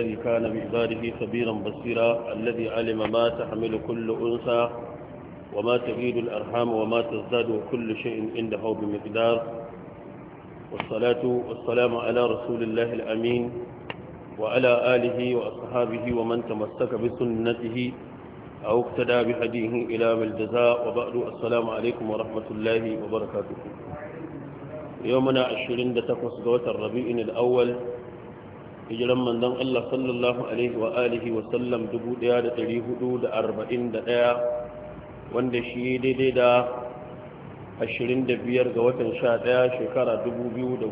الذي كان بعباده خبيرا بصيرا الذي علم ما تحمل كل أنثى وما تغيد الأرحام وما تزداد وكل شيء عنده بمقدار والصلاة والسلام على رسول الله الأمين وعلى آله وأصحابه ومن تمسك بسنته أو اقتدى بهديه إلى الجزاء وبعد السلام عليكم ورحمة الله وبركاته يومنا 28 ربيع الأول hijiran manzon Allah sallallahu alaihi wa alihi wa sallam 1441 wanda shi daidai da 25 ga watan 11 shekara 2019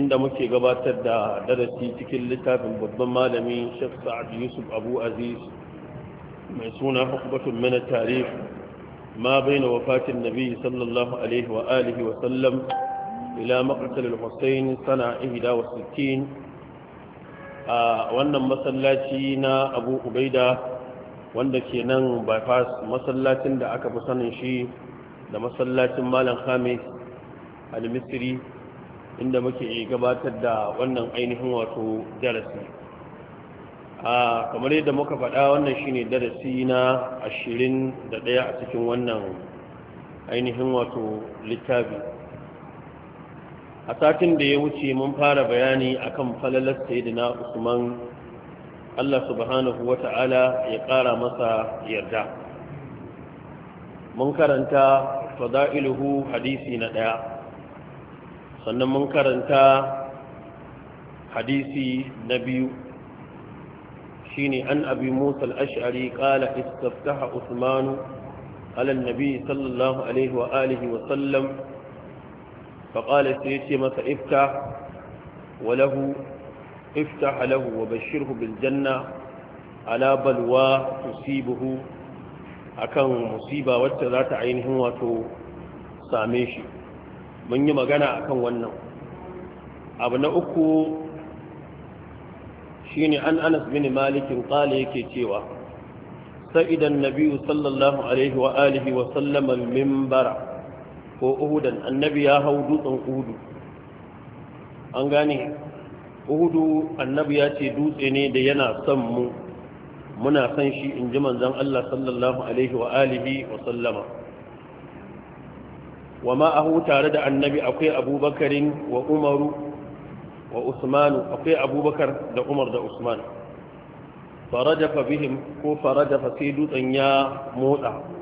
inda muke gabatar da darasi cikin littafin babban malami Sheikh Sa'ad Yusuf Abu Aziz mai suna hukubatun mana tarif ma bai na wafatin nabi sallallahu alaihi wa alihi wa sallam ila maqtal al-husayn sana sittin a wannan masallaci na Abu Ubaida wanda ke nan bypass masallacin da aka fi sanin shi da masallacin Malam Khamis al-Misri inda muke gabatar da wannan ainihin wato darasi a kamar yadda muka faɗa wannan shine darasi na ashirin da ɗaya a cikin wannan ainihin wato littafi a satin da ya wuce mun fara bayani akan falalar sayyidina usman Allah subhanahu wata'ala ya ƙara masa yarda mun karanta fada'iluhu hadisi na ɗaya sannan mun karanta hadisi na biyu shine an abi musa al-ash'ari ƙara istaftaha usmanu ala nabi sallallahu alaihi wa alihi wa sallam faƙala sai ya ce masa ifta ifta halahu wa bashirhu biljanna, alabalwa, ala akan musiba wacce za ta ainihin wato same shi mun yi magana akan wannan abu na uku shine an anas mini malikin ƙala yake cewa sa'idan nabiyyu sallallahu alaihi wa alihi wa sallama al ko uhudan annabi ya hau dutsen uhudu an gane uhudu annabi ya ce dutse ne da yana son mu muna son shi in ji manzan Allah sallallahu alaihi wa alihi wa sallama wa ma'ahu tare da annabi akwai abubakarin wa umaru wa usmanu akwai abubakar da umar da usman farajafa bihim ko farajafa sai dutsen ya motsa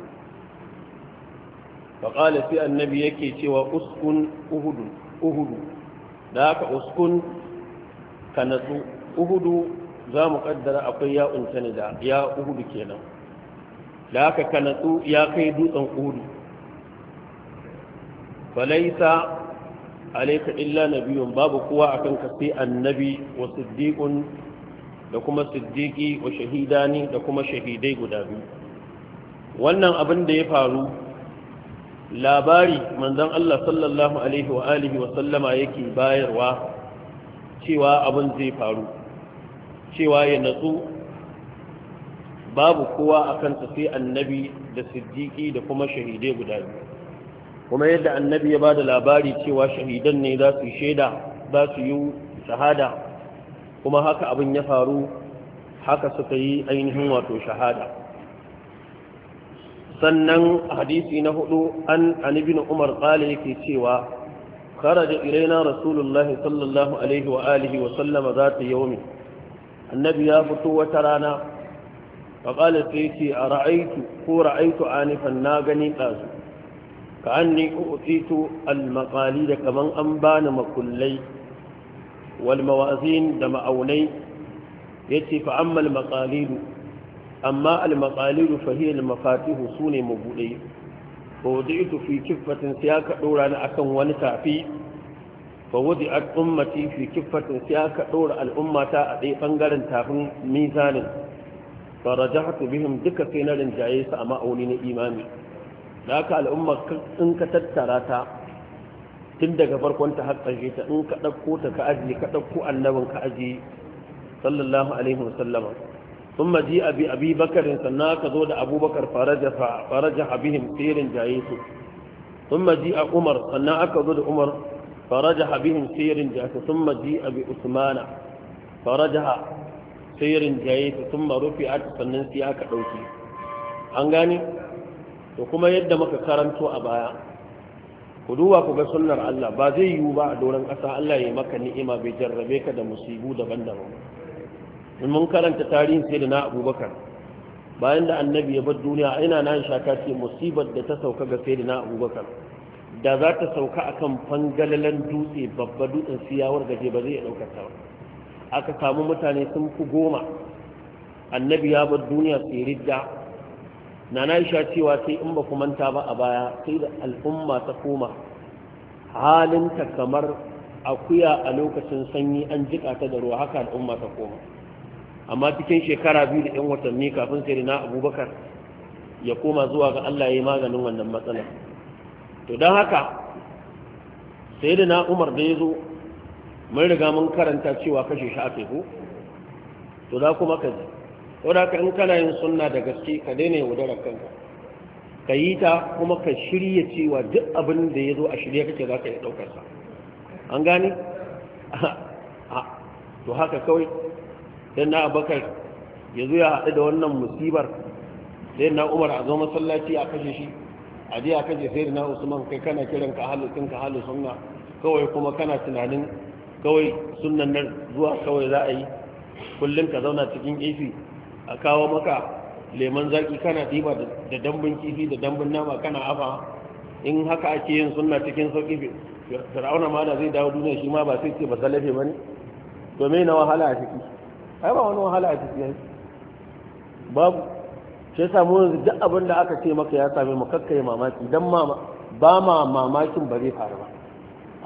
faƙala sai annabi yake cewa uskun uhudu uhudu da haka uskun ka natsu uhudu za mu ƙaddara akwai ya da ya uhudu kenan da haka ka natsu ya kai dutsen uhudu falaisa alaika illa nabiyun babu kowa akan ka sai annabi wa siddiqun da kuma siddiqi wa shahidani da kuma shahidai guda biyu wannan abin da ya faru labari manzon Allah sallallahu alaihi wa alihi wa yake bayarwa cewa abin zai faru cewa ya natsu babu kowa a kansa sai annabi da siddiƙi da kuma shahidai guda biyu kuma yadda annabi ya ba da labari cewa shahidan ne za su shaida za su yi shahada kuma haka abin ya faru haka suka yi ainihin wato shahada sannan hadisi na hudu an anibin umar kala yake cewa kharaja iraina rasulullahi sallallahu alaihi wa alihi wa sallama za ta yaumi annabi ya fito wata rana faƙalar sai yake a ra'aitu ko ra'aitu anifan na gani ɗazu ka an ni utsitu almaƙali da kaman an bani makullai walmawazin da ma'aunai ya ce fa'ammal maƙalilu amma al-maqalidu fa al-mafatihu sune mabudai fa wadi'tu fi kiffatin sai aka dora ni akan wani tafi fa wadi'at ummati fi kiffatin sai aka dora al-ummata a dai bangaren tafin mizanin fa rajahtu bihim duka sai na rinjaye su a ma'auni na imami da haka al'umma in ka tattara ta tun daga farkon ta har ƙarshe ta in ka ɗauko ta ka ajiye ka ɗauko annabin ka ajiye sallallahu alaihi wasallama sun maji abi abi bakarin sannan aka zo da abubakar faraja habihim tsirin jaye su sun a umar sannan aka zo da umar faraja habihim tsirin jaye su sun maji abi usmana faraja tsirin jaye su sun marufi sannan sai aka an gane kuma yadda muka karanto a baya ku duba ku ga sunnar Allah ba zai yiwu ba a doron ƙasa Allah ya maka ni'ima bai jarrabe ka da musibu daban-daban mun karanta tarihin sai da na abubakar bayan da annabi ya bar duniya ina na shaka ce musibar da ta sauka ga sai da na abubakar da za ta sauka a kan fangalalan dutse babba dutsen siyawar gaje ba zai ya ɗaukar ta aka samu mutane sun fi goma annabi ya bar duniya sai ridda na na isha cewa sai in ba manta ba a baya sai da al'umma ta koma halinta kamar akuya a lokacin sanyi an jika ta da ruwa haka al'umma ta koma amma cikin shekara biyu da 'yan watanni kafin sai na abubakar ya koma zuwa ga Allah ya yi maganin wannan matsalar to don haka sai da na umar da ya zo mun riga mun karanta cewa kashe shi a to za kuma ka ji da ka in kana yin sunna da gaske ka daina da kanka ka yi ta kuma ka shirya cewa duk abin da ya zo a shirya kake za ka yi ɗaukarsa an gane to haka kawai sai na abakar ya zo ya haɗu da wannan musibar sai na umar a zo masallaci a kashe shi a je a kashe sai na usman kai kana kiran ka halittun ka halu sunna kawai kuma kana tunanin kawai sunnan nan zuwa kawai za a yi kullum ka zauna cikin ifi a kawo maka leman zaki kana diba da dambun kifi da dambun nama kana afa in haka ake yin sunna cikin sauki fir'auna ma da zai dawo duniya shi ma ba sai ce ba salafe bane to me na wahala a ciki ai ba wani wahala a cikin babu shi samu mu yanzu duk abin da aka ce maka ya same mu kakkai mamaki dan ba ma mamakin ba zai faru ba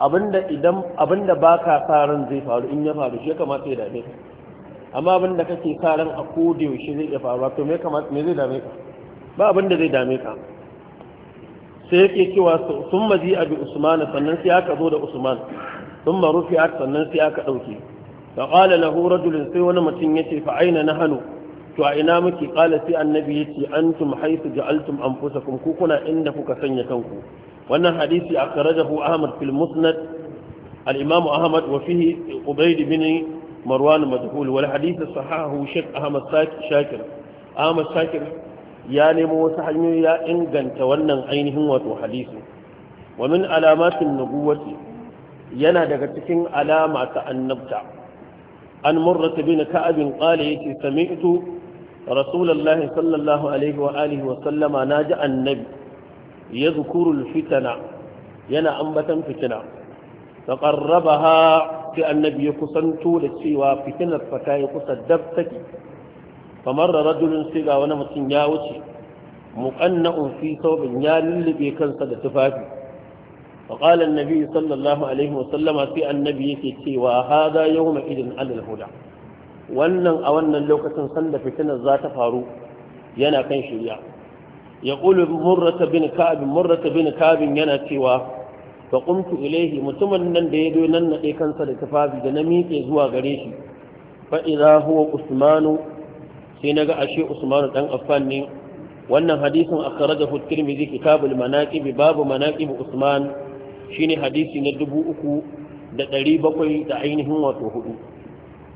abinda idan abinda baka sa zai faru in ya faru shi ya kamata ya dame ka amma abinda kake sa a koda yaushe zai faru ba, to me kamata me zai dame ka ba abinda zai dame ka sai yake cewa sun maji abi usman sannan sai aka zo da usman sun marufi sannan sai aka dauke fa qala lahu rajulun sai wani mutum yace fa aina nahnu to a ina muke qala sai annabi yace antum da ja'altum anfusakum ku kuna inda kuka sanya kanku wannan hadisi a akhrajahu ahmad fil musnad al-imam ahmad wa fihi ubayd bin marwan madhul wal hadith sahahu shaykh ahmad shakir ahmad shakir ya nemo wasu hanyoyi ya inganta wannan ainihin wato hadisi wa min alamatin nubuwati yana daga cikin alama ta annabta an murrata bin ka'abin yake sami sami'tu rasulullahi sallallahu alaihi wa alihi wa sallama naji annabi yadhkuru fitana yana ambatan fitina taqarrabaha sai annabi ya kusanto da cewa fitinar fata ya kusa dab take kamar da rajulun sai ga wani mutum ya wuce muqanna'un fi thawbin ya lullube kansa da tufafi فقال النبي صلى sai annabi, yake cewa النبي يكي وهذا يوم إذن على wannan a wannan lokacin sanda fitinar za ta faru yana kan shirya ya ƙulu murrata bin ka'abin yana cewa fa ilaihi mutumin nan da ya do nan nade kansa da tufafi da na miƙe zuwa gare shi fa idza huwa usmanu sai naga ashe usmanu ɗan affan ne wannan hadisin akhrajahu at-tirmidhi kitabul manaqib babu manaqib usman shine hadisi na dubu uku da ɗari bakwai da ainihin wato hudu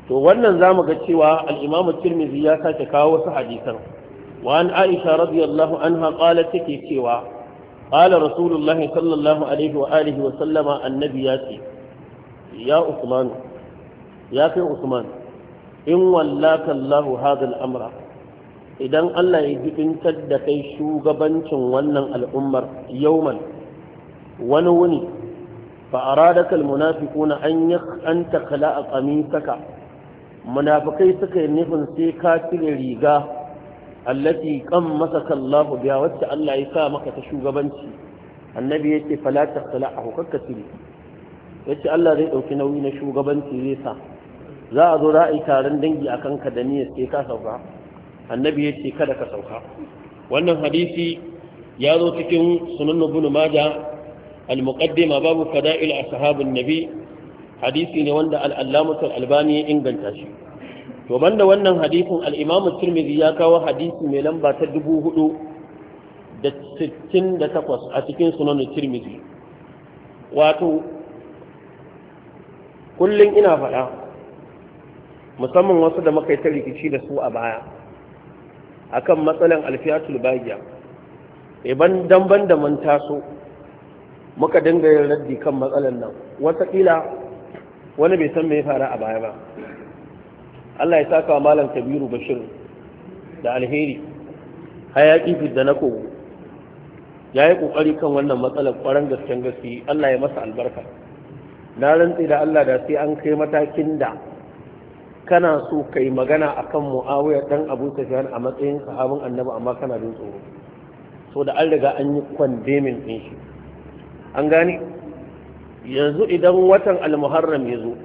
to wannan za mu ga cewa al'imamu tirmizi ya sake kawo wasu hadisan wa an aisha radiyallahu anha qala take cewa qala rasulullahi sallallahu alaihi wa alihi wa sallama annabi ya ce ya usman ya kai usman in wallaka Allahu hadha al-amra idan Allah ya jibintar da kai shugabancin wannan al'ummar yauman wani wuni fa aradaka almunafiquna an an takhla qamisaka munafikai suka yi nufin sai ka cire riga allati qammasaka Allah biya wacce Allah ya sa maka ta shugabanci annabi ya ce yace fala takhla hukaka cire Ya ce Allah zai ɗauki nauyi na shugabanci zai sa za a zo ra'ayi taron dangi a kanka da niyyar sai ka sauka annabi ya ce kada ka sauka wannan hadisi ya zo cikin sunan ibn majah al-muqaddima babu fada'il ashabin nabi hadisi ne wanda al albani ya inganta shi to banda wannan hadisin al-imam ya kawo hadisi mai lamba ta 468 a cikin sunan at wato kullun ina faɗa musamman wasu da muka ta rikici da su a baya akan matsalar alfiyatul bagiya iban damban da mun taso muka dinga yin raddi kan matsalar nan wataƙila wani bai san me ya fara a baya ba Allah ya saka malam kabiru bashir da alheri hayaƙi fidda na kogo ya yi ƙoƙari kan wannan matsalar ƙwaron gasken gaske Allah ya masa albarka na rantse da Allah da sai an kai matakin da kana so ka yi magana a kan mu'awiyar ɗan abu sufyan a matsayin sahabin annabi amma kana jin tsoro so da an riga an yi kwandemin ɗin shi an gane yanzu idan watan almuharram ya zo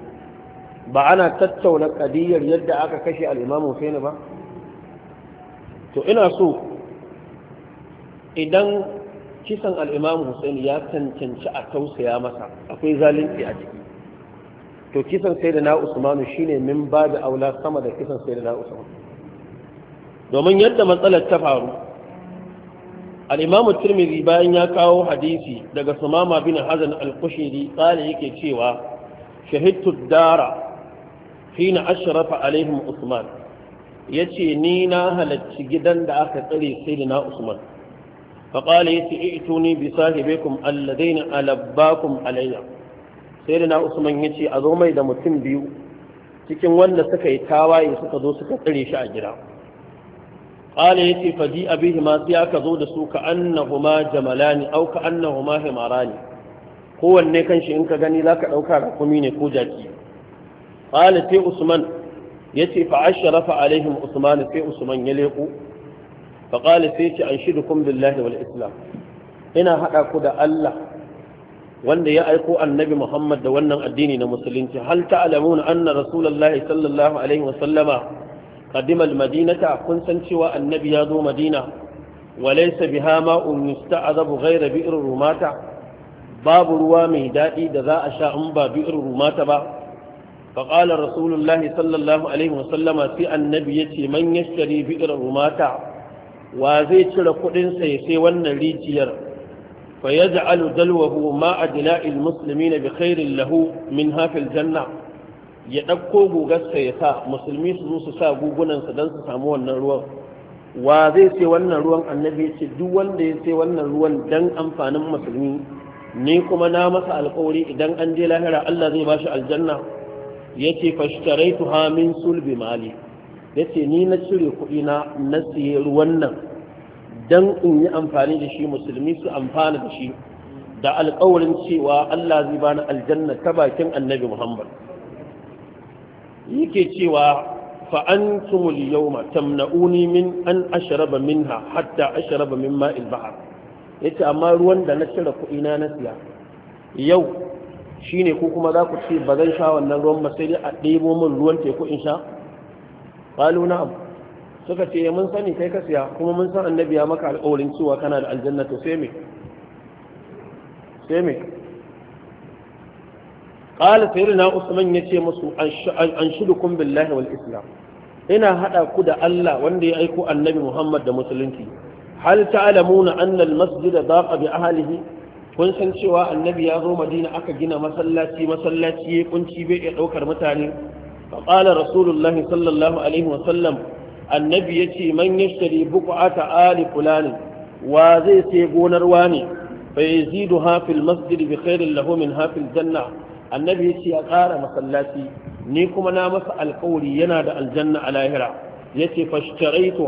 ba ana tattauna kadiyar yadda aka kashe al-imamu sai ba to ina so idan kisan al-imamu hussein ya cancanci a tausaya masa akwai zalunci a ciki to kisan sayyidina usmanu shine min ba da aula sama da kisan sayyidina Usman domin yadda matsalar ta faru al'imamu turmizi bayan ya kawo hadisi daga sumama bin hazan al-kushiri tsali yake cewa shahidtu dara fi na ashirafa alaihim usman ya ce ni na halarci gidan da aka tsare sai da na usman faƙali ya ce ito ni bi sahibekum alladai na alabbakum alayya sai usman ya ce a zo mai da mutum biyu cikin wanda suka yi tawaye suka zo suka tsare shi a gida qala yace faji abihi ma sai aka zo da su ka annahuma jamalani au ka annahuma himarani kowanne kanshi in ka gani zaka ɗauka rakumi ne ko jaki qala sai usman yace fa ashrafa alaihim usman sai usman ya leƙo fa qala sai ce anshidukum billahi wal islam ina haɗa ku da Allah wanda ya aiko annabi Muhammad da wannan addini na musulunci hal ta'lamuna anna rasulullahi sallallahu alaihi wa sallama قدم المدينة كن سنشوى النبي يادو مدينة وليس بها ماء يستعذب غير بئر رماتا باب روامي دائي دذا أشاء أنبا بئر رماتا با فقال رسول الله صلى الله عليه وسلم في النبي من يشتري بئر رماتا وزي تلقدن سيسي ونليجير فيجعل دلوه ماء دلاء المسلمين بخير له منها في الجنة ya ɗauko gugarsa ya sa musulmi su zo su sa gugunansa don su samu wannan ruwan wa zai sai wannan ruwan annabi ce duk wanda ya sai wannan ruwan don amfanin musulmi ni kuma na masa alkawari idan an je lahira Allah zai bashi aljanna ya ce fashtaraitu ha min sulbi mali ya ce ni na cire kuɗi na na siye ruwan nan don in yi amfani da shi musulmi su amfana da shi da alkawarin cewa Allah zai bani aljanna ta bakin annabi Muhammad yake cewa fa antumul yawma tamna'uni min an ashraba minha hatta ashraba min ma'il bahr yace amma ruwan da na cire kuɗi na na siya yau shine ko kuma za ku ce ba zan sha wannan ruwan ba sai dai a ɗebo min ruwan teku in sha qalu na'am suka ce mun sani kai ka siya kuma mun san annabi ya maka alƙawarin cewa kana da aljanna to sai me sai me qala na usman yace musu anshudukum billahi wal islam ina hada ku da Allah wanda ya aiko annabi Muhammad da musulunci hal ta'lamuna anna al masjid daqa bi ahlihi kun san cewa annabi ya zo Madina aka gina masallaci masallaci ya kunci bai iya daukar mutane fa qala rasulullahi sallallahu alaihi wa sallam annabi yace man yashtari buqata ali fulani wa zai sai gonar wani fa yazidu ha fil masjid bi khairin lahu min ha fil janna annabi ya ce ya tsara masallaci ni kuma na masa alkawari yana da aljanna a lahira ya ce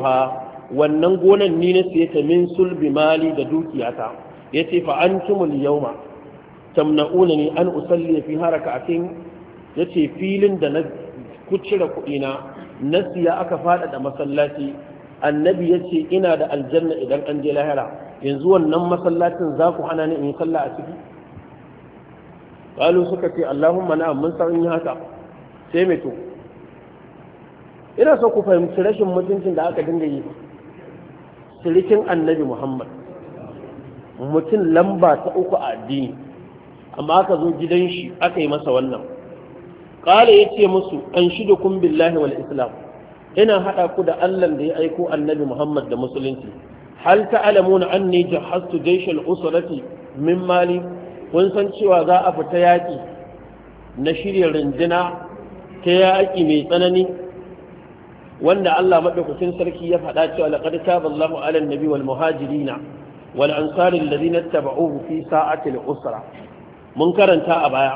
ha, wannan gonan ni na siye ta min sulbi mali da dukiyata ya ce fa antumul yawma tamna'una ni an usalli fi harakatin ya ce filin da na kucira kuɗina na siya aka faɗaɗa masallaci annabi ya ce ina da aljanna idan an je lahira yanzu wannan masallacin za ku hana ni in sallah a ciki ƙalu suka ce Allahumma na mun san yi haka sai mai to ina so ku fahimci rashin mutuncin da aka dinga yi sirikin annabi Muhammad mutum lamba ta uku a addini amma aka zo gidan shi aka yi masa wannan ya yace musu an shidukum billahi wal islam ina haɗa ku da Allah da ya aiko annabi Muhammad da musulunci hal ta'lamuna anni jahastu jaysh al min mali kun san cewa za a fita yaƙi na shirya rinjina ta yaƙi mai tsanani wanda Allah maɗaukacin sarki ya faɗa cewa laqad taba Allahu 'ala nabi wal muhajirina wal ansari ta ittaba'uhu fi sa'ati al-usra mun karanta a baya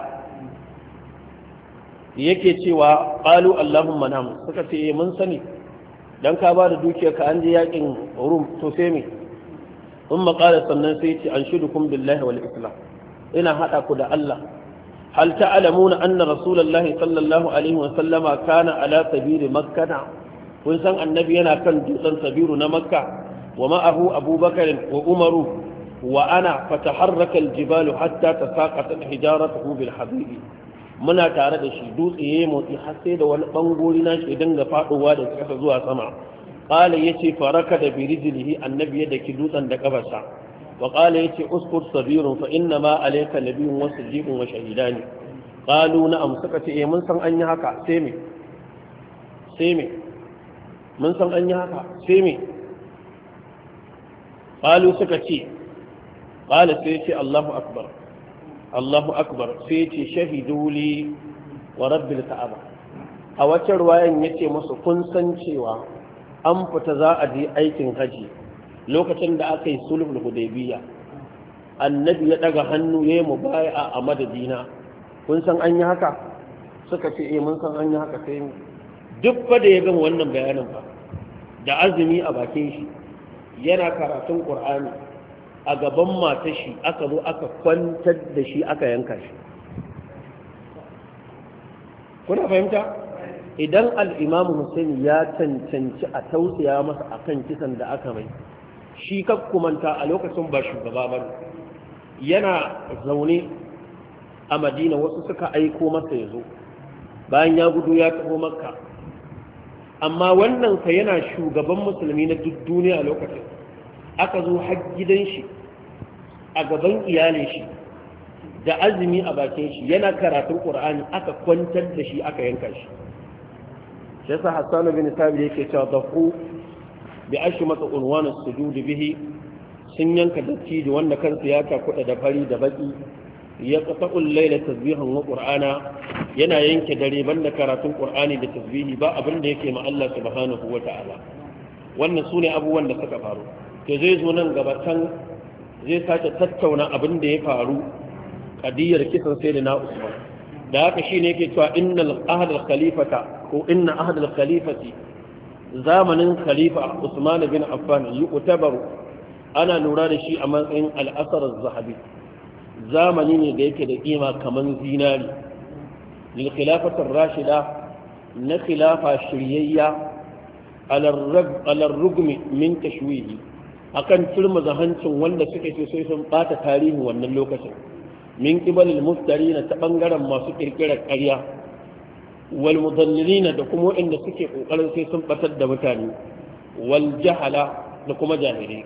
yake cewa ƙalu Allahumma nam suka ce eh, mun sani dan ka ba da dukiyar ka an je yaƙin Rum to sai me in maƙala sannan sai ce an Kun billahi wal islam ina haɗa ku da Allah hal an anna rasulullahi sallallahu alaihi wa sallama kana ala sabiri makkah kun san annabi yana kan dutsen sabiru na makka wa ma'ahu abubakar wa umaru wa ana fataharraka aljibalu hatta tasaqata hijaratuhu bil habibi muna tare da shi dutse yi motsi har sai da wani bangori na shi dinga faɗowa da kasa zuwa sama ya ce faraka da birijlihi annabi ya daki dutsen da kafarsa وقال يتي أذكر صبير فإنما عليك نبي وصديق وشهيدان قالوا نعم سكت إيه من سن أن يهكا سيمي سيمي من سن أن يهكا سيمي قالوا سكتي قال سيتي الله أكبر الله أكبر سيتي شهدوا لي ورب الكعبة a wata ruwayan ya ce masu kun san cewa an fita za a je aikin haji lokacin da aka yi sulhul hudaybiya annabi ya daga hannu yayi mubai'a a madadina kun san an yi haka suka ce eh mun san an yi haka sai duk fa da ya gama wannan bayanin fa da azumi a bakin shi yana karatun qur'ani a gaban matar shi aka zo aka kwantar da shi aka yanka shi kuna fahimta idan al-imamu ya cancanci a tausaya masa akan kisan da aka mai shi kakkumanta a lokacin ba shugaba ba yana zaune a madina wasu suka aiko masa ya zo bayan ya gudu ya taho makka amma wannan sa yana shugaban musulmi na duk duniya a lokacin aka zo har gidan shi a gaban iyalin shi da azumi a bakin shi yana karatun qur'ani aka kwantar da shi aka yanka shi yasa hassanu bin sabir yake cewa dafu bi ashi mata unwanin sujudi bihi sun yanka dattijo wanda kansa ya cakuɗa da fari da baki ya qata'ul layla tasbihan wa qur'ana yana yanke dare banda karatun qur'ani da tasbihi ba abin da yake ma Allah subhanahu wa ta'ala wannan sune abubuwan da suka faru to zai zo nan gaba can zai sake tattauna abin da ya faru kadiyar kisan na Usman da haka shine yake cewa innal ahdal khalifata ko inna ahdal khalifati zamanin khalifa usman bin affan yu'tabaru ana lura da shi a matsayin al'asar zahabi zamani ne da yake da kima kaman zinari lil khilafatir rashida na khilafa shiryayya alar rugmi min tashwihi akan turma zahancin wanda suka ce sai sun bata tarihin wannan lokacin min kibalil muftari na ta bangaren masu kirkirar ƙarya wal mudallilina da kuma waɗanda suke ƙoƙarin sai sun batar da mutane wal jahala da kuma jahilai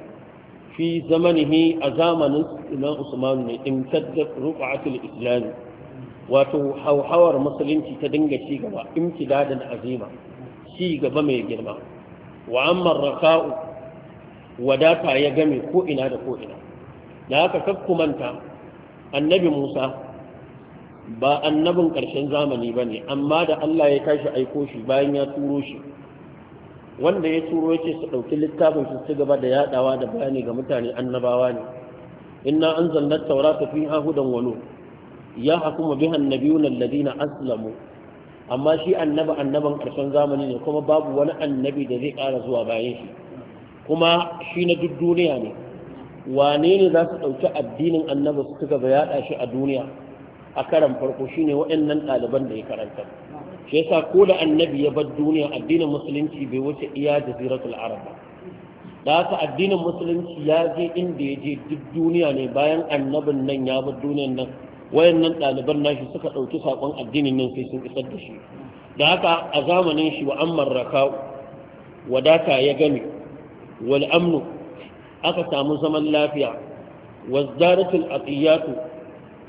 fi zamanihi a zamanin imam usman ne imtaddat ruqatul islam wato hauhawar musulunci ta dinga ci gaba imtidadan azima ci gaba mai girma wa amma raka'u wadata ya game ko ina da ko ina da haka kakkumanta annabi musa ba annabin ƙarshen zamani ba ne amma da Allah ya tashi aiko shi bayan ya turo shi wanda ya turo ya ce su ɗauki littafin su ci gaba da yaɗawa da bayani ga mutane annabawa ne inna an taura ta fi ahudan wano ya hakuma bi annabiyun alladina aslamu amma shi annaba annaban ƙarshen zamani ne kuma babu wani annabi da zai ƙara zuwa bayan shi kuma shi na duk duniya ne wane ne za su ɗauki addinin annabi su ci gaba yaɗa shi a duniya a karan farko shine waɗannan ɗaliban da ya karanta shi yasa ko da annabi ya bar duniya addinin musulunci bai wuce iya jaziratul arab da haka addinin musulunci ya je inda ya je duk duniya ne bayan annabin nan ya bar duniyan nan wayannan ɗaliban nashi suka ɗauki saƙon addinin nan sai sun isar da shi da haka a zamanin shi wa amman raka'u wadata ya gami wal amnu aka samu zaman lafiya wazdaratul aqiyatu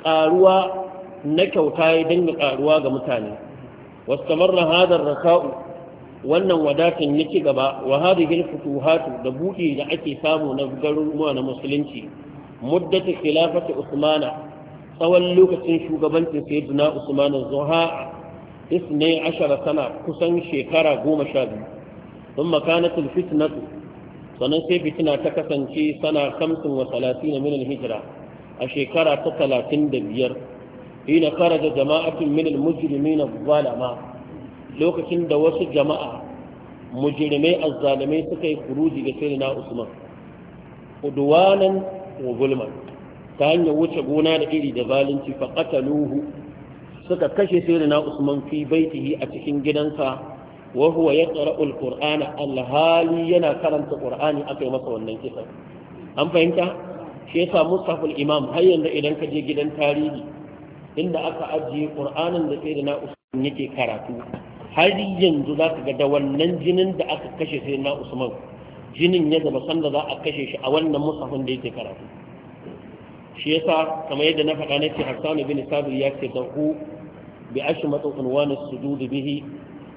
ƙaruwa na kyauta ya dinga karuwa ga mutane wastamarra hadar raka'u wannan wadatan ya ci gaba wa hadhihi al-futuhat da buɗe da ake samu na garuruwa na musulunci muddatu khilafati usmana tsawon lokacin shugabancin sayyidina usman zuha isne ashara sana kusan shekara goma sha biyu ثم كانت fitnatu, sannan sai fitina ta kasance sana kamsin wa talatin min hijira a shekara ta talatin da biyar hina da jama'atun tun minin mujirimi na zalama lokacin da wasu jama'a mujirimai a zalamai suka yi kuruji ga sayyidina Usman uduwanan ogulman ta hanyar wuce gona da iri da zalunci faƙata luhu suka kashe sayyidina Usman fi baitihi a cikin gidansa wa ya tsara ulƙur'ana alhali yana karanta ƙur'ani aka yi masa wannan kisan an fahimta shi ya yasa musaful imam har yanzu idan ka je gidan tarihi inda aka ajiye ƙur'anin da sai da na usman yake karatu har yanzu za ka ga da wannan jinin da aka kashe sai na usman jinin ya zama sanda za a kashe shi a wannan musafin da yake karatu shi yasa kamar yadda na faɗa ce hassan bin sabir ya ce dahu bi ashmatu unwan su sujud bihi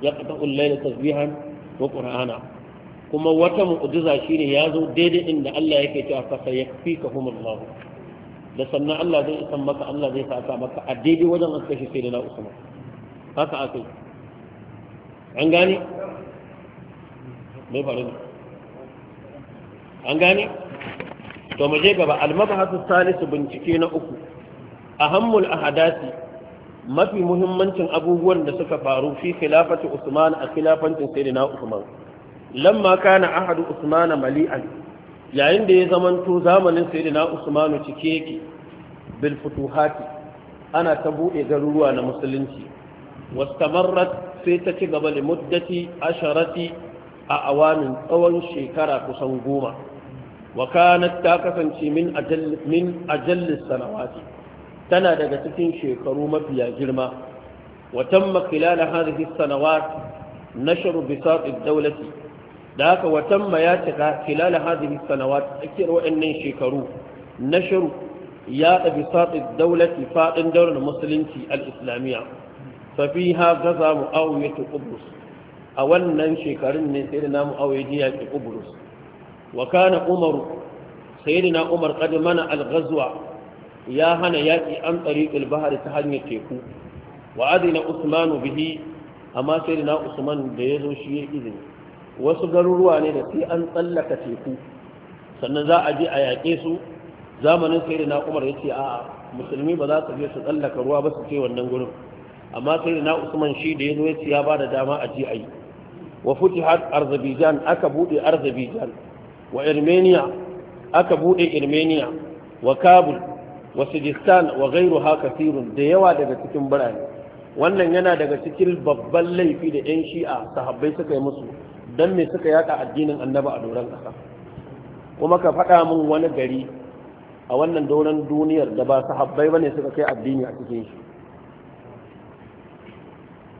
yaqta'u al da tasbihan wa ƙur'ana. kuma wata mu'jiza shine zo daidai inda Allah yake cewa fa sayakfikahum Allah da sannan Allah zai isan maka Allah zai sa maka a daidai wajen an kashe sai da na usman haka aka yi an gane mai faru ne an gane to mu je gaba hasu salisu bincike na uku a a ahadasi mafi muhimmancin abubuwan da suka faru fi khilafati usman a khilafancin na usman lamma kana ahadu usman mali'an yayin da ya zamanto zamanin na usmanu cike yake bil futuhati ana ta buɗe garuruwa na musulunci wastamarrat sai ta ci gaba da muddati asharati a awamin tsawon shekara kusan goma wa kanat ta kasance min ajal min ajallis sanawati tana daga cikin shekaru mafiya girma wa tamma khilal hadhihi sanawat nashru bisat ad-dawlati da haka watan ma ya cika khilala hadhihi ta tsakiyar wa'annan shekaru nashru ya tabi sati daulati faɗin daular musulunci al-islamiyya fa fiha gaza ta qubrus a wannan shekarun ne sai da namu awiyah ya qubrus wa kana umaru na umar qad mana al ya hana yaki an tariqil bahr ta hanyar teku wa adina Usmanu bihi amma na usman da zo shi ya izini wasu garuruwa ne da sai an tsallaka teku sannan za a je a yaƙe su zamanin sai da na'umar ya ce a'a musulmi ba za su je su tsallaka ruwa ba su ce wannan gurin amma sai da na shi da ya zo ya ce ya ba da dama a je a yi wa har arzabijan aka buɗe arzabijan wa armenia aka buɗe armenia wa kabul wa sijistan wa gairu haka da yawa daga cikin birane wannan yana daga cikin babban laifi da 'yan shi'a sahabbai suka yi musu don me suka yada addinin annaba a doron ƙasa kuma ka faɗa min wani gari a wannan doron duniyar da ba ba ne suka kai addini a cikin shi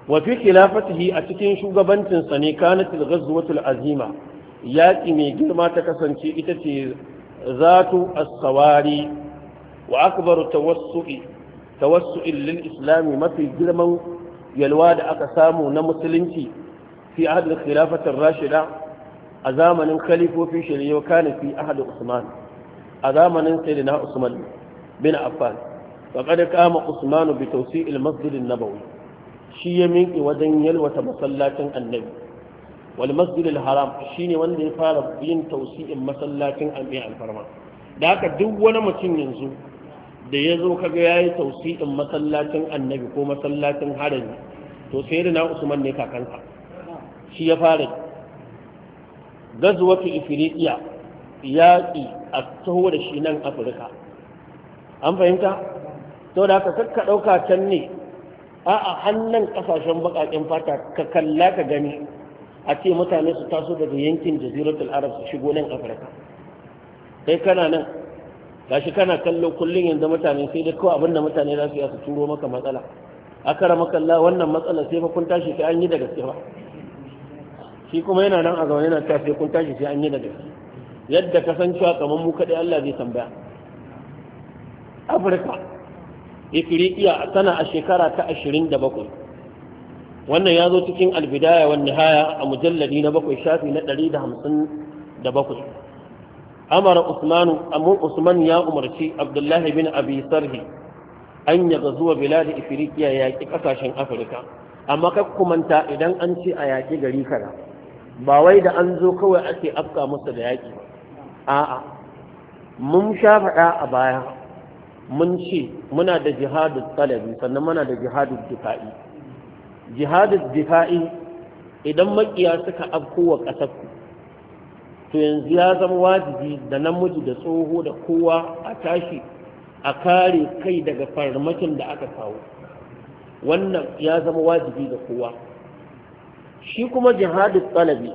Wafi khilafatihi a cikin shugabancin sa ne kanatil ghazwatul azima yaki mai girma ta kasance ita ce zatu as-sawari wa akbaru tawassu'i lil islami mafi girman yalwa da aka samu na musulunci fi ahad a zamanin khalifofi shari'a kana fi ahad usman a zamanin sayyidina usman bin affan faqad qama usman bi tawsi' al-masjid an-nabawi shi ya minki wajen yalwata masallacin annabi wal masjid al-haram shine wanda ya fara yin tawsi'in masallacin annabi alfarma da haka duk wani mutum yanzu da ya zo kaga ya yi tausi'in masallacin annabi ko masallacin harami to sai na usman ne kakansa shi ya fara gazuwatu ifiriqiya yaƙi a taho da shi nan afirka an fahimta Sau da haka ɗauka can ne a'a hannun ƙasashen baƙaƙen fata ka kalla ka gani a ce mutane su taso daga yankin jaziratul arab su shigo nan afirka kai kana nan gashi kana kallo kullum yanzu mutane sai dai kawai abinda mutane za su yi su turo maka matsala akara makalla wannan matsala sai fa kun tashi sai an yi da gaske ba shi kuma yana nan a zaune yana ta sai kun tashi sai an yi da gaske yadda ka san cewa kamar mu kaɗai Allah zai tambaya Afirka Ifiriqiya tana a shekara ta ashirin da bakwai wannan ya zo cikin albidaya wani haya a mujalladi na bakwai shafi na ɗari da hamsin da bakwai amara usmanu amur usman ya umarci abdullahi bin abi sarhi an ya zuwa biladi ifiriqiya yaƙi ƙasashen afirka amma kakkumanta idan an ce a yaƙi gari kaza ba wai da an zo kawai ake afka masa da yaƙi ba. a'a mun sha faɗa a baya mun ce muna da jihadul talabi sannan muna da jihadul difa'i jihadul difa'i idan makiya suka afko wa ƙasar ku to yanzu ya zama wajibi da namiji da tsoho da kowa a tashi a kare kai daga farmakin da aka kawo wannan ya zama wajibi ga kowa shi kuma jihadu talabi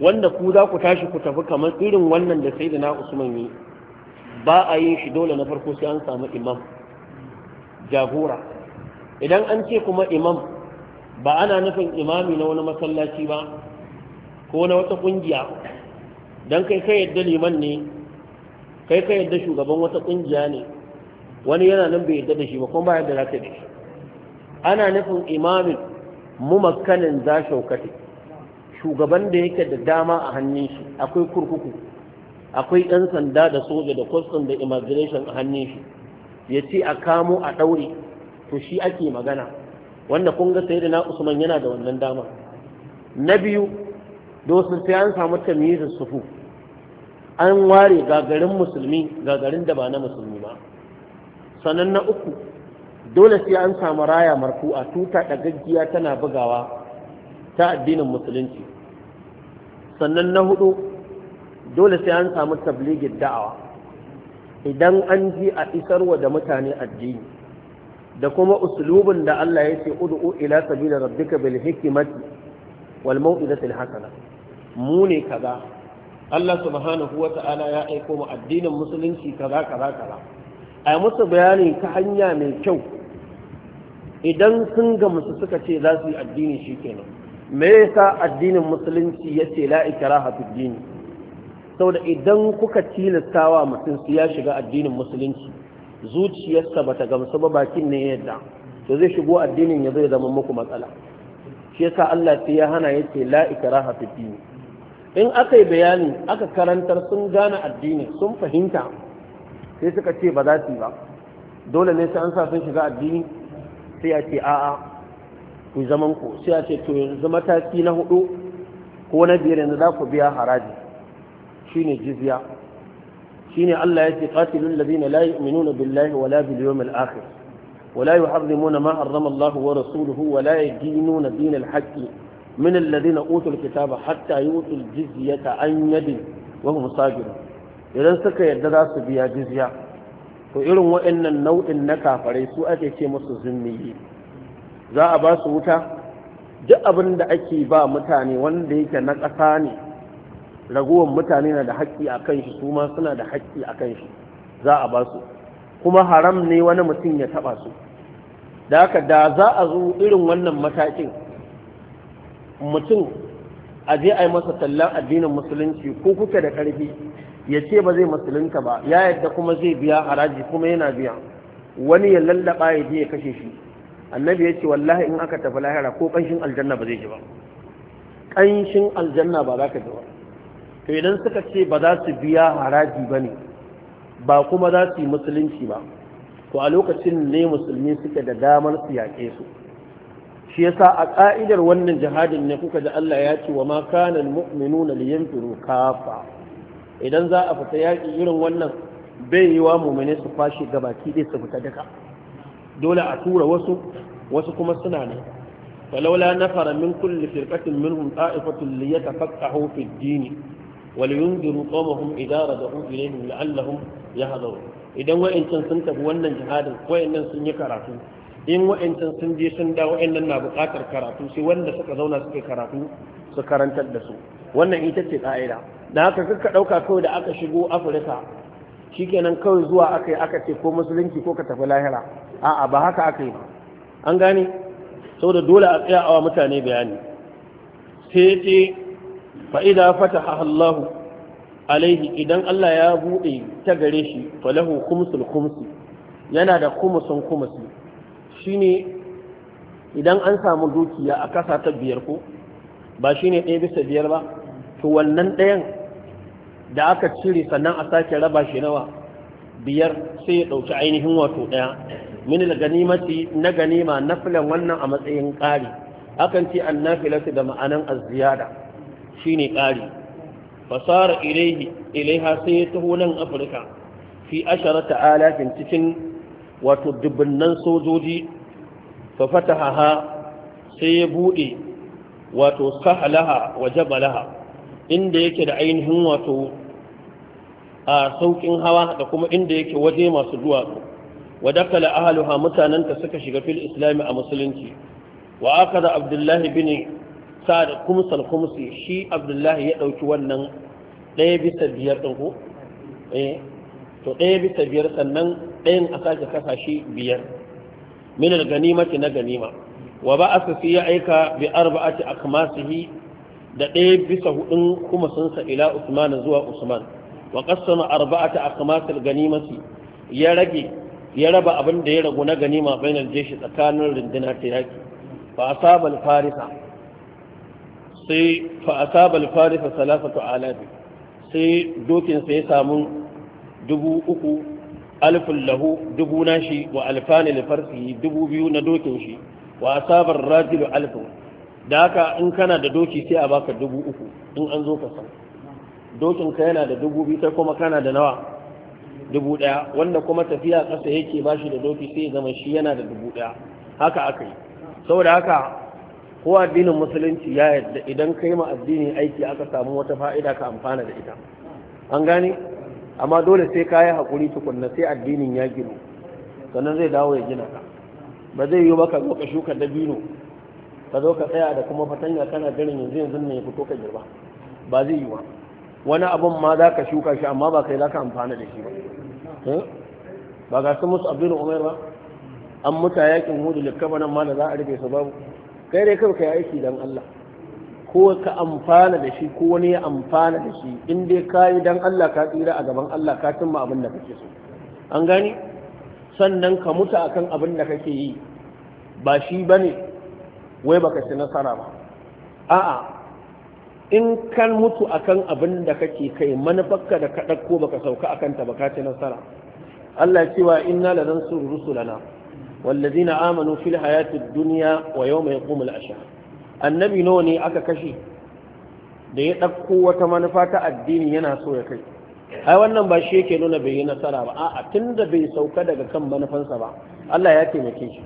wanda ku za ku tashi ku tafi kamar irin wannan da sai da na usman yi ba a yin shi dole na farko sai an samu imam jagora idan an ce kuma imam ba ana nufin imami na wani masallaci ba ko na wata kungiya don kai kai yadda liman ne kai kai yadda shugaban wata kungiya ne wani yana nan bai yadda da shi ba kuma ba yadda za ka da shi ana nufin imamin Mu makkanin za shaukati shugaban da yake da dama a hannun shi akwai kurkuku akwai ɗan sanda da soja da kwastan da immigration a hannun shi ya ce a kamo a ɗaure to shi ake magana wanda kun ga sai da na usman yana da wannan dama na biyu dosin sai an samu tamizin sufu an ware gagarin musulmi gagarin da ba na musulmi ba sannan na uku dole sai an samu raya marku a tuta ɗagaggiya tana bugawa ta addinin musulunci sannan na hudu dole sai an samu tabligin da'awa idan an ji a isarwa da mutane addini da kuma uslubin da Allah ya ce ud'u ila sabila rabbika bil hikmati wal mau'izatil hasana mu ne kaza Allah subhanahu ta'ala ya aiko mu addinin musulunci kaza kaza kaza a musu bayani ta hanya mai kyau idan sun gamsu suka ce za su yi addini shi kenan me yasa addinin musulunci ya ce la ikraha fi dini saboda idan kuka tilastawa mutum su ya shiga addinin musulunci zuciyarsa bata gamsu ba bakin ne yadda to zai shigo addinin ya zai zama muku matsala shi yasa Allah sai ya hana yace la ikraha fi dini in aka yi bayani aka karantar sun gane addini sun fahimta sai suka ce ba za su yi ba dole ne sai an sa sun shiga addini sai a a'a ku zaman ku sai a ce to na hudu ko na biyar za ku biya haraji shine jizya shine Allah yake qatilul ladina la yu'minuna billahi wala bil yawmil akhir wala yuharrimuna ma harrama wa rasuluhu wala yadinuna dinal haqq min alladhina utul kitaba hatta yu'tul jizyata jiziyata yadin wa hum sajidun idan suka yadda za su biya jizya to irin waɗannan nau'in na kafarai su ake ce musu zimmiyi za a ba su wuta duk abin da ake ba mutane wanda yake na ƙasa ne ragowar mutane na da haƙƙi a kan shi su ma suna da haƙƙi a kan shi za a ba su kuma haram ne wani mutum ya taɓa su da haka da za a zo irin wannan matakin mutum a je a yi masa tallan addinin musulunci ko kuke da ƙarfi ya ce ba zai musulunta ba ya yadda kuma zai biya haraji kuma yana biya wani ya lallaba ya je ya kashe shi annabi ya ce wallahi in aka tafi lahira ko kanshin aljanna ba zai ji ba kanshin aljanna ba za ka ji ba to idan suka ce ba za su biya haraji ba ne ba kuma za su yi musulunci ba to a lokacin ne musulmi suke da damar su yaƙe su shi yasa a ƙa'idar wannan jihadin ne kuka ji Allah ya ce wa ma kana al-mu'minuna liyanfiru kafa idan za a fita yaƙi irin wannan bai yi wa mummune su fashe gabaki dai su fita duka dole a tura wasu wasu kuma suna ne falaula nafara min kulli firqatin minhum ta'ifatun li yatafaqahu fi ad-din wa li yunziru qawmahum idza radu ilayhim la'allahum yahdharu idan wa'ancan sun tafi wannan jihadin wa'annan sun yi karatu in wa'ancan sun je sun dawo wa'annan na buƙatar karatu sai wanda suka zauna suka karatu su karantar da su wannan ita ce ka'ida da haka kakka ɗauka kawai da aka shigo afirka shikenan kawai zuwa aka yi aka ce ko musulunci ko ka tafi lahira a'a ba haka aka yi an gane saboda dole a tsaya awa mutane bayani sai ce fa'ida fataha Allah alaihi idan Allah ya buɗe ta gare shi falahu kumsul kumsi yana da kumusun kumusi shine idan an samu dukiya a kasa ta biyar ko ba shine ɗaya bisa biyar ba to wannan ɗayan da aka cire sannan a sake raba shi nawa biyar sai ya ɗauki ainihin wato ɗaya min ganimati na ganima na filan wannan a matsayin ƙari akan ce an nafilatu da ma'anan azziyada shine ƙari fasara ilaihi ilaiha sai ya taho nan afirka fi asharata alafin cikin wato dubunnan sojoji fa fataha sai ya buɗe wato sahalaha wa jabalaha inda yake da ainihin wato a saukin hawa da kuma inda yake waje masu duwatsu wa dakala ahaluha ta suka shiga fil islami a musulunci wa akada abdullahi bin sa'ad kumsal kumsi shi abdullahi ya dauki wannan daya bisa biyar din ko eh to daya bisa biyar sannan dayan a sake kasa biyar min al-ganimati na ganima wa ba'atha fi aika bi arba'ati akmasihi da daya bisa hudun kuma sun sa ila usman zuwa usman wa qassama arba'ata aqmatil ganimati ya rage ya raba abin da ya ragu na ganima bainar jeshi tsakanin rinduna ta yaki fa asaba al farisa sai fa asaba al farisa salasatu alaf sai dokin sai ya samu dubu uku alfin lahu dubu nashi wa alfani lifarsihi dubu biyu na dokin shi wa asabar rajilu alfin da haka in kana da doki sai a baka dubu uku in an zo ka san dokin ka yana da dubu biyu sai kuma kana da nawa dubu ɗaya wanda kuma tafiya ƙasa yake ba shi da doki sai zama shi yana da dubu ɗaya haka aka yi saboda haka ko addinin musulunci ya yadda idan kai ma addini aiki aka samu wata fa'ida ka amfana da ita an gane amma dole sai ka yi hakuri tukunna sai addinin ya gino sannan zai dawo ya gina ka ba zai yi baka zo ka shuka dabino ka zo ka tsaya da kuma fatanya kana garin yanzu yanzu ne ya fito ka girba ba zai yi wa wani abun ma za ka shuka shi amma ba kai za ka amfana da shi ba hmm? ba ga su musu abdul umar ba an muta yakin hudu likkaba nan ma da za a rufe su babu kai dai kawai ka yi aiki don Allah ko ka amfana da shi ko wani ya amfana da shi in dai ka yi don Allah ka tsira a gaban Allah ka cimma abin da kake so an gani sannan ka mutu akan abin da kake yi ba shi bane wai baka ci nasara ba a'a in kan mutu akan abin da kake kai manufarka da ka ɗauko baka sauka akan ta baka ci nasara Allah cewa inna la nansuru rusulana wallazina amanu fil hayati dunya wa yawma yaqumul ashhad annabi nawa ne aka kashe da ya ɗauko wata manufa ta addini yana so ya kai ai wannan ba shi yake nuna bai yi nasara ba a'a tunda bai sauka daga kan manufansa ba Allah ya taimake shi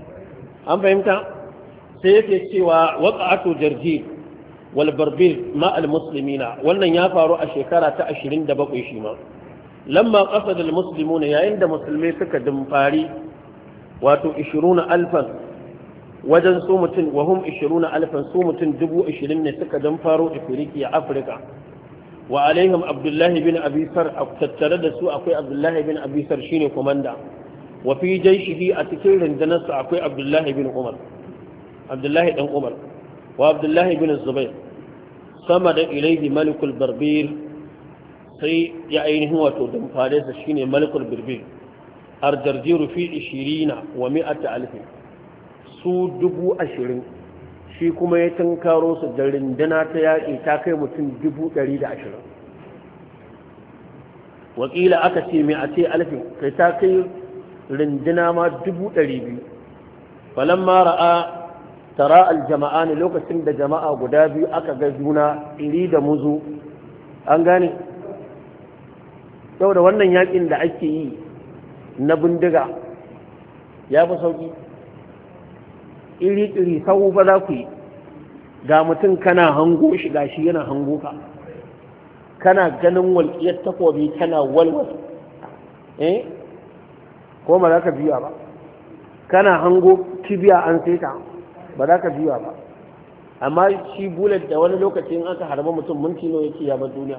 an fahimta sai yake cewa waqa'atu jarjid walbarbil ma'al na. wannan ya faru a shekara ta 27 shi ma lamma qasad al muslimuna yayin da musulmai suka dumfari wato 20 alfan wajen su mutum wa hum 20 alfan su mutum 20 ne suka dumfaro Afirka Afirka wa alaihim Abdullahi bin Abi Sar tattare da su akwai Abdullahi bin Abi Sar shine komanda wa fi jaishihi a cikin rundunar akwai Abdullahi bin Umar وعبد الله بن الزبير صمد إليه ملك البربير سي يعينه وتودم فارس الشيني ملك البربير أرجرجير في عشرين ألف su dubu ashirin shi kuma ya tunkaro su da rindana ta yaƙi ta kai mutum dubu ɗari da ashirin wakila aka ce mai a alfin kai ta kai rindana ma dubu ɗari biyu falon mara a tara aljama'a ne lokacin da jama'a guda biyu aka ga juna iri da muzu an gane yau wannan yakin da ake yi na bindiga ya fi sauki iri-iri sau ba za ku yi ga mutum kana hango shi ga shi yana hango ka kana ganin walƙiyar takobi kana walwal eh ko ma za ka biya ba kana hango kibiya an sai ta ba za ka juya ba amma shi bullet da wani lokacin aka harba mutum minti nawa yake ya ba duniya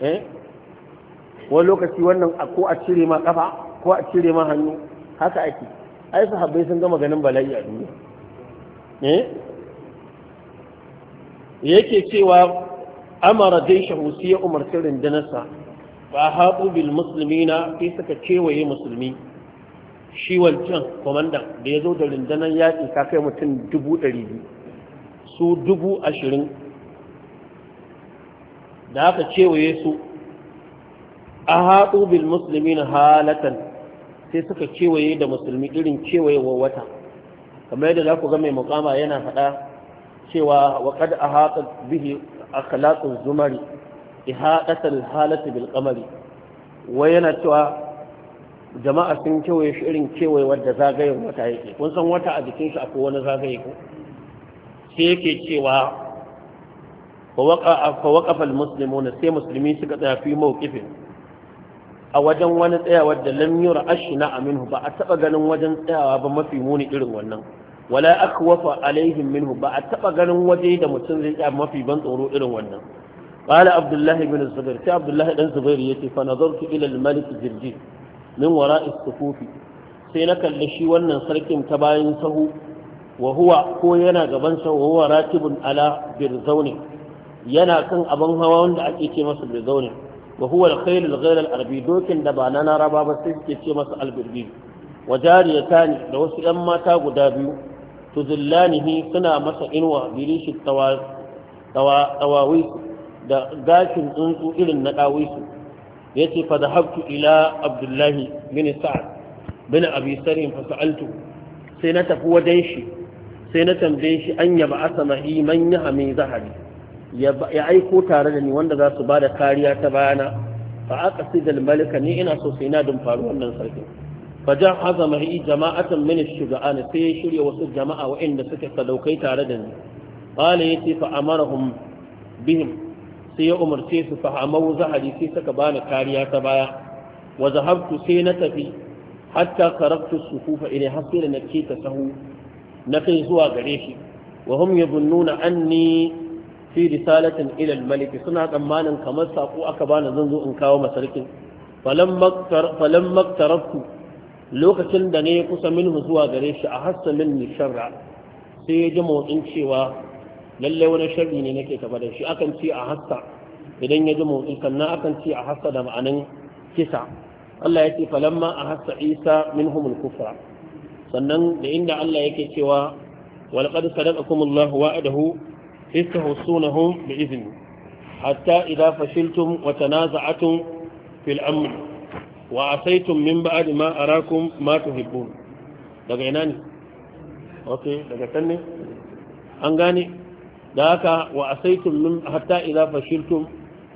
eh wani lokaci wannan ko a cire ma kafa ko a cire ma hannu haka ake ai sahabbai sun gama ganin bala'i a duniya eh yake cewa amara jaishahu sai umar umarci dinasa fa haɗu bil muslimina sai suka kewaye musulmi shi wancan kwamandan da ya zo da rundunar yaƙi ta kai mutum dubu ɗari biyu su dubu ashirin da aka cewaye su a haɗu bil musulmi na halatan sai suka cewaye da musulmi irin cewaye wa wata kamar yadda za ku ga mai mukama yana haɗa cewa wa kad a haɗa bihi akhlaqul zumari ihadatul halati bil qamari wai yana cewa jama'a sun kewaye shi irin kewaye wadda zagayen wata yake kun san wata a jikin shi akwai wani zagaye ko sai yake cewa fa waqafa almuslimuna sai musulmi suka tsaya fi mawqifin a wajen wani tsayawar da lam yura ashna aminhu ba a taba ganin wajen tsayawa ba mafi muni irin wannan wala akwafa alaihim minhu ba a taba ganin waje da mutum zai tsaya mafi ban tsoro irin wannan qala abdullahi bin zubair sai abdullahi dan zubair yace fa nazartu ila al-malik jirjil min wara'i sufufi sai na kalli shi wannan sarkin ta bayan sahu wa huwa ko yana gaban sahu? wa huwa ratibun ala birzauni yana kan abin hawa wanda ake ce masa birzauni wa huwa al ghayr al-arbi dokin da ba na naraba ba sai suke ce masa al-birbi wa jariyatani da wasu 'yan mata guda biyu tuzillanihi suna masa inuwa birishi tawawi da gashin tsuntsu irin na dawisu ce fa dhahabtu ila Abdullahi bin sa'ad bin abi sarim fa sa'altu sai na tafi wajen shi sai na tambaye shi an yaba asama'i man yahmi zahabi ya aiko tare da ni wanda za su bada kariya ta bayana fa aqsid da malika ni ina so sai na dun faru wannan sarkin fa ja hazama hi jama'atan min ash sai ya shirya wasu jama'a wa'anda suke sadaukai tare da ni qala yati fa amarahum bihim sai ya umarce su fa zahari sai suka bani kariya ta baya wa zahabtu sai na tafi hatta karabtu sufufa ila da na ke ta sahu na kai zuwa gare shi wa hum yazunnuna anni fi risalatin ila al-malik suna tsammanin kamar sako aka bani zan zo in kawo masarkin falan maktarabtu lokacin da ne kusa minhu zuwa gare shi a hassa min sharra sai ya ji motsin cewa lalle wani sharri ne nake tafa da shi akan ci a hassa idan ya ji motsi sannan akan ci a hassa da ma'anin kisa Allah ya ce falamma a hassa isa min minhumul kufra sannan da inda Allah yake cewa walqad sadaqakumullahu wa'adahu istahsunahum bi'izni hatta idza fashiltum wa tanaza'atum fil amr wa asaytum min ba'di ma arakum ma tuhibbun daga ina ne okay daga kan an gane da haka wa asaitum min hatta idza fashiltum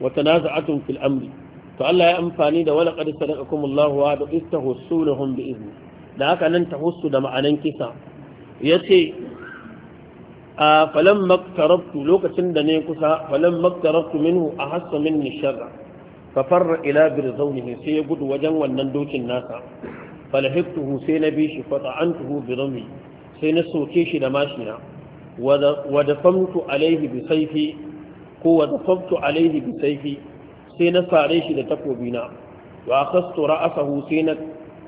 wa tanaza'atum fil amri to Allah ya amfani da wala qad sadaqakum Allahu wa da istahussuhum bi izni da haka nan tahussu da ma'anan kisa yace a falan maktarabtu lokacin da ne kusa falan maktarabtu minhu ahassa minni sharra fa farra ila birzawnihi sai ya gudu wajen wannan dokin nasa falahiktuhu sai na bi shi fata'antuhu bi rami sai na soke shi da mashina wadafamtu alaihi bi saifi ko wadafamtu alaihi bi saifi sai na sare shi da takobina wa kastu ra'asahu sai na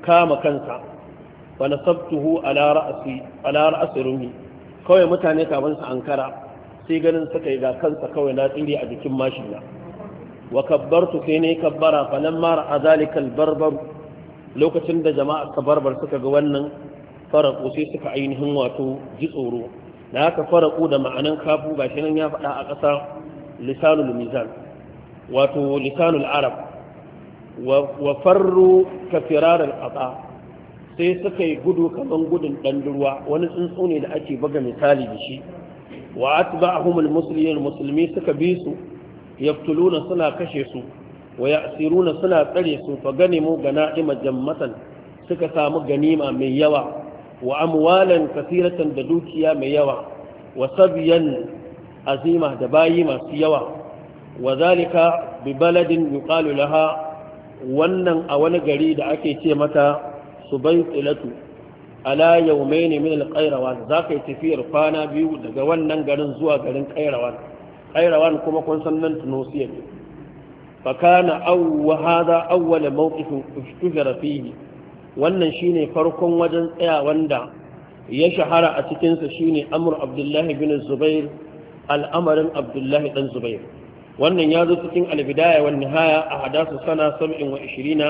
kama kansa wa nasabtuhu ala ra'asi ala ra'asi rumi kawai mutane kaman su ankara sai ganin suka yi ga kansa kawai na tsire a jikin mashina wa kabbartu sai ne kabbara fa nan mara azalikal barbar lokacin da jama'a kabarbar suka ga wannan faraku sai suka ainihin wato ji tsoro da fara faraku da ma'anan kafu shi nan ya faɗa a ƙasa lisanul mizan wato lisanul arab wa farru ka firarar ƙasa sai suka yi gudu kamar gudun ɗandurwa wani tsuntsu ne da ake baga misali da shi wa atba ahumul musulmi musulmi suka bi su yaftuluna suna kashe su wa ya'siruna suna tsare su fa ganimu ganaima jammatan suka samu ganima mai yawa wa amwalan kasiratan da dukiya mai yawa wa sabiyan azima da bayi masu yawa wa zalika bi baladin yuqalu laha wannan a wani gari da ake ce mata subaytilatu ala yawmayn min al zaka yi tafiyar kwana biyu daga wannan garin zuwa garin qayrawan qayrawan kuma kun san nan tunisiya ne fa kana awwa hadha awwal mawqif ishtujara fihi wannan shine farkon wajen tsaya wanda ya shahara a cikinsa shine amur abdullahi bin zubair al'amarin abdullahi dan zubair wannan ya zo cikin albidaya wa nihaya a hadasu sana sab'in wa ishirina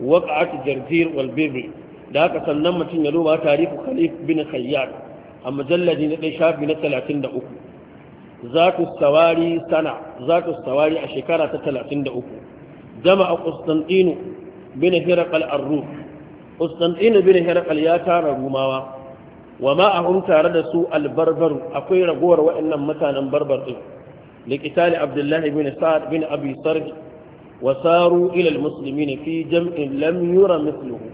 waqa'at jarzir wal birri da haka sannan mutum ya duba tarihu khalif bin khayyar a mujalladi na ɗaya shafi na talatin da uku sawari sana sawari a shekara ta talatin da uku jama'a qustantinu bin hiraqal arruf Ustantinu bin Herakal ya tara Rumawa, wa ma'ahum tare da su albarbaru akwai ragowar waɗannan mutanen barbar ɗin, likitali Abdullahi bin Sa'ad bin Abi Sarki, wa saru ilal musulmi ne fi jam'in Lamura musulmi,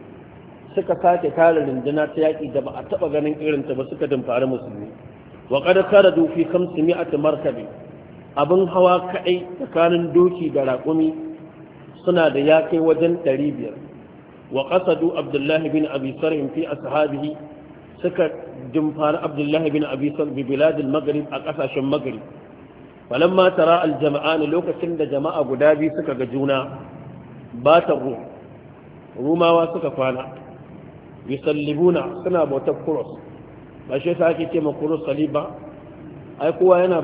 suka sake tare rinduna ta yaƙi da ba a taɓa ganin irinta ba suka dumfari musulmi. Wa da karadu fi kamsu mi'ati markabi, abin hawa kaɗai tsakanin doki da raƙumi suna da ya kai wajen ɗari biyar wa qasadu abdullahi bin abi sarhim fi ashabihi suka dimfara abdullahi bin Abisar, sarhim bi bilad al-maghrib a kasashen maghrib falamma tara aljama'a ne lokacin da jama'a guda biyu suka ga juna ba ta ruh rumawa suka kwana yusallibuna suna bautar kuros ba shi yasa ake ce ma kuros saliba ai kowa yana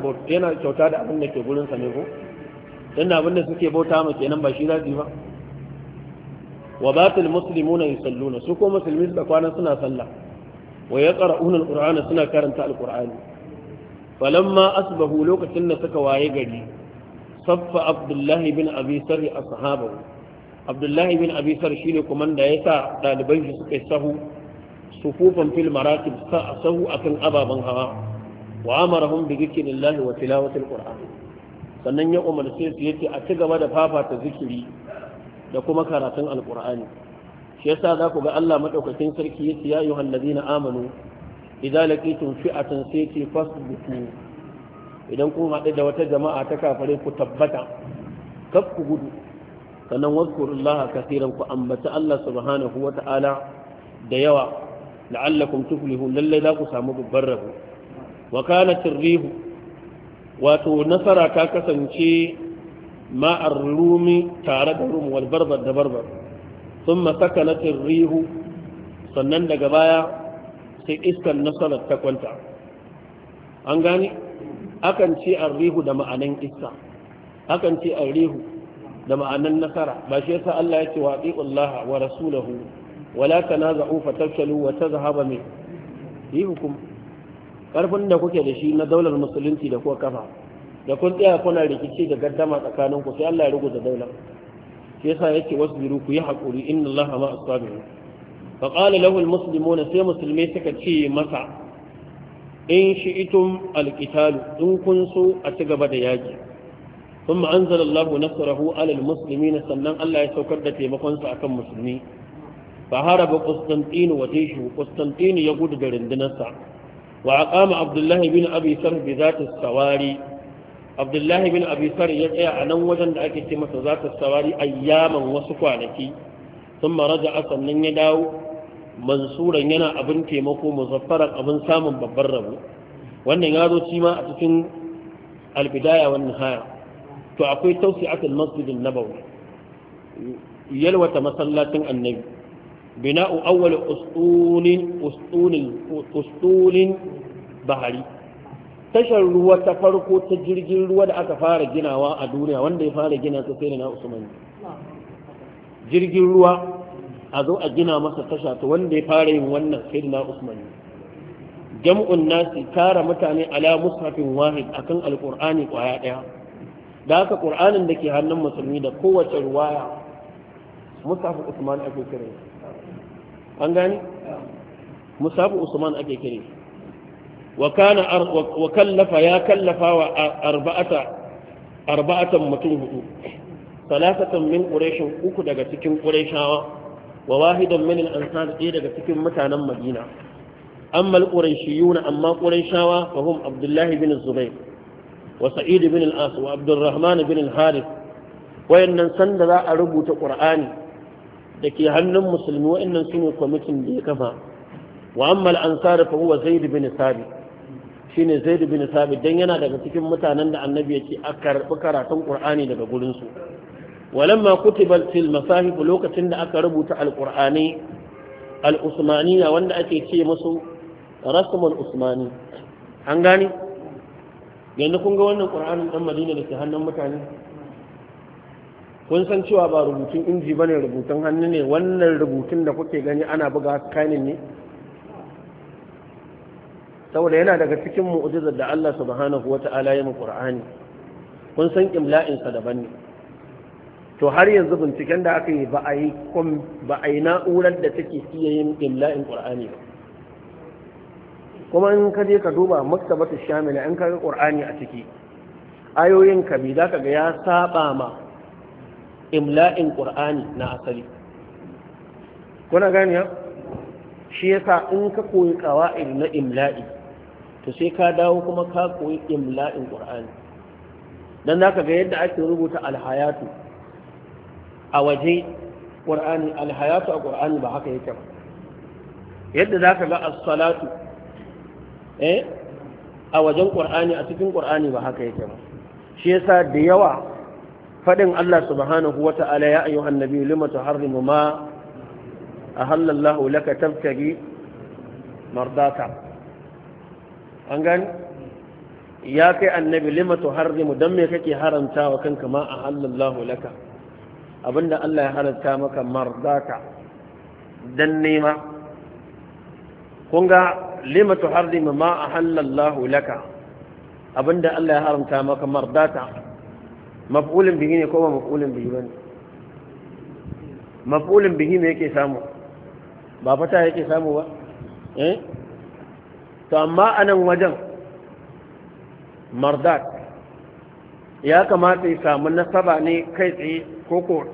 kyauta da abin da ke gurin sa ne ko dan abin da suke bauta mace nan ba shi zabi ba wa batil muslimuna yusalluna su ko musulmi da kwana suna sallah wa yaqra'una alqur'ana suna karanta alqur'ani falamma asbahu lokacin da suka waye gari saffa abdullahi bin abi sarri ashabahu abdullahi bin abi sarri shine komanda yasa daliban shi suka sahu sufufan fil maratib sahu akan ababan hawa wa amarahum bi dhikrillahi wa tilawati alqur'an sannan ya umarce su yace a ci gaba da fafata zikiri da kuma karatun alkur'ani shi yasa za ku ga Allah madaukakin sarki yace ya ayyuhal ladina amanu idza laqitum fi'atan sayati fasbutu idan kun haɗu da wata jama'a ta kafare ku tabbata kaf ku gudu sannan wazkurullaha kaseeran ku ambaci Allah subhanahu wata'ala da yawa la'allakum tuflihu lalle za ku samu babbar rabo wa kana rihu wato nasara ta kasance مع الروم تارد الروم والبربر دبربر ثم سكنت الريح sannan daga baya sai iskan nasarar ta kwanta an gani akan ce rihu da ma'anan iska akan ce rihu da ma'anan nasara ba shi yasa Allah ya ce wa Allah wa rasulahu wala tanaza'u fatafshalu wa tazhaba min yi hukum karfin da kuke da shi na daular musulunci da kuka kafa da kun tsaya kuna rikici da gaddama tsakanin ku sai Allah ya rubuta daula shi yasa yake wasu biru ku yi haƙuri inna Allah ma asabihu fa qala lahu almuslimuna sai musulmai suka ce masa in shi'itum alqital in kun so a ci gaba da yaki thumma anzala Allahu nasrahu ala almuslimin sannan Allah ya saukar da taimakon sa akan musulmi fa haraba qustantin wa jeshu qustantin ya gudu da rundunarsa wa aqama abdullahi bin abi sarh bi zati sawari abdullahi bin abi ya tsaya a nan wajen da ake ce masa za ta sawari ayyaman wasu kwanaki sun maraja a sannan ya dawo mansuran yana abin taimako muzaffaran abin samun babban rabu wannan ya zo shi ma a cikin albidaya wannan haya to akwai tausi'atul masjidin Bauna. yalwata masallacin annabi bina'u awwal ustunil ustunil bahari tashar ruwa ta farko ta jirgin ruwa da aka fara ginawa a duniya wanda ya fara gina ta sai na usman jirgin ruwa a zo a gina masa tasha ta wanda ya fara yin wannan sai na usman jam'un nasi tara mutane ala mushafin wahid akan alqur'ani kwaya daya da haka qur'anin da ke hannun musulmi da kowace ruwaya mushafin usman ake kire an gani mushafin usman ake kire wa kallafa ya kallafa wa arba'atan mutum hudu salasatan min quraish uku daga cikin quraishawa wa wahidan min al-ansar ɗaya daga cikin mutanen madina amma al-quraishiyun amma quraishawa fa hum abdullahi bin zubair wa Sa'idu bin al-as wa abdurrahman bin al-harith wayannan sanda za a rubuta qur'ani da ke hannun musulmi wayannan ne kwamitin da ya kafa wa amma al-ansar fa huwa zaid bin sabit Shi ne zai dubi sabit don yana daga cikin mutanen da annabi ya ce a karbi karatun ƙur'ani daga gurinsu. Walan ma kutiba fil masahib lokacin da aka rubuta Al-Ƙur'ani, al na wanda ake ce musu rasmul usmani an gane yanzu kun ga wannan ƙur'anin ɗan madina da ke hannun mutane kun san cewa ba rubutun inji ba ne rubutun hannu ne wannan rubutun da kuke gani ana buga kanin ne saboda yana daga cikin mu'jizar da Allah subhanahu wa Ta'ala ya mu Qur'ani kun san imla'in sa daban ne to har yanzu binciken da aka yi ba a yi kun ba a yi na'urar da take iya yin imla'in Qur'ani ba kuma in ka je ka duba maktabatu shamila in ka ga Qur'ani a ciki ayoyin ka bi za ga ya saba ma imla'in Qur'ani na asali kuna gani ya shi yasa in ka koyi kawa'id na imla'i to sai ka dawo kuma ka koyi imla'in qur'ani dan ka ga yadda ake rubuta alhayatu a waje qur'ani alhayatu a qur'ani ba haka yake ba yadda za ka ga as-salatu eh a wajen qur'ani a cikin qur'ani ba haka yake ba shi yasa da yawa faɗin Allah subhanahu wata'ala ya ayyuhan nabiyyu lima tuharrimu ma ahallallahu laka tabtagi mardata an gani ya kai annabi lima tuharrimu dan me kake haramta wa kanka ma a ahallallahu laka abinda Allah ya halatta maka mardaka dan nema kun ga lima tuharrimu ma a ahallallahu laka abinda Allah ya haramta maka mardaka maf'ulin bihi ne ko maf'ulin bihi bane maf'ulin bihi ne yake samu ba fata yake samu ba eh to amma a nan wajen mardak ya kamata ya samu nasaba ne kai tsaye koko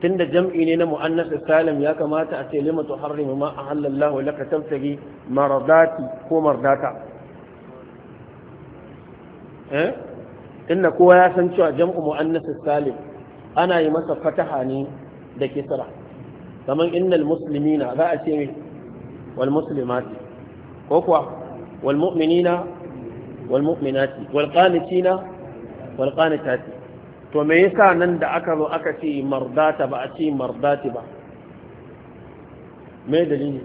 tun da jam'i ne na mu'annas salim ya kamata a ce limatu harrima ma a halallahu laka tabtagi mardati ko mardata eh inda kowa ya san cewa jam'u mu'annas salim ana yi masa fataha ne da kisra kamar innal muslimina za a ce wal muslimati ko kuwa والمؤمنين والمؤمنات والقانتين والقانتات to me yasa nan da aka zo aka ce mardata ba a ce mardati ba me dalili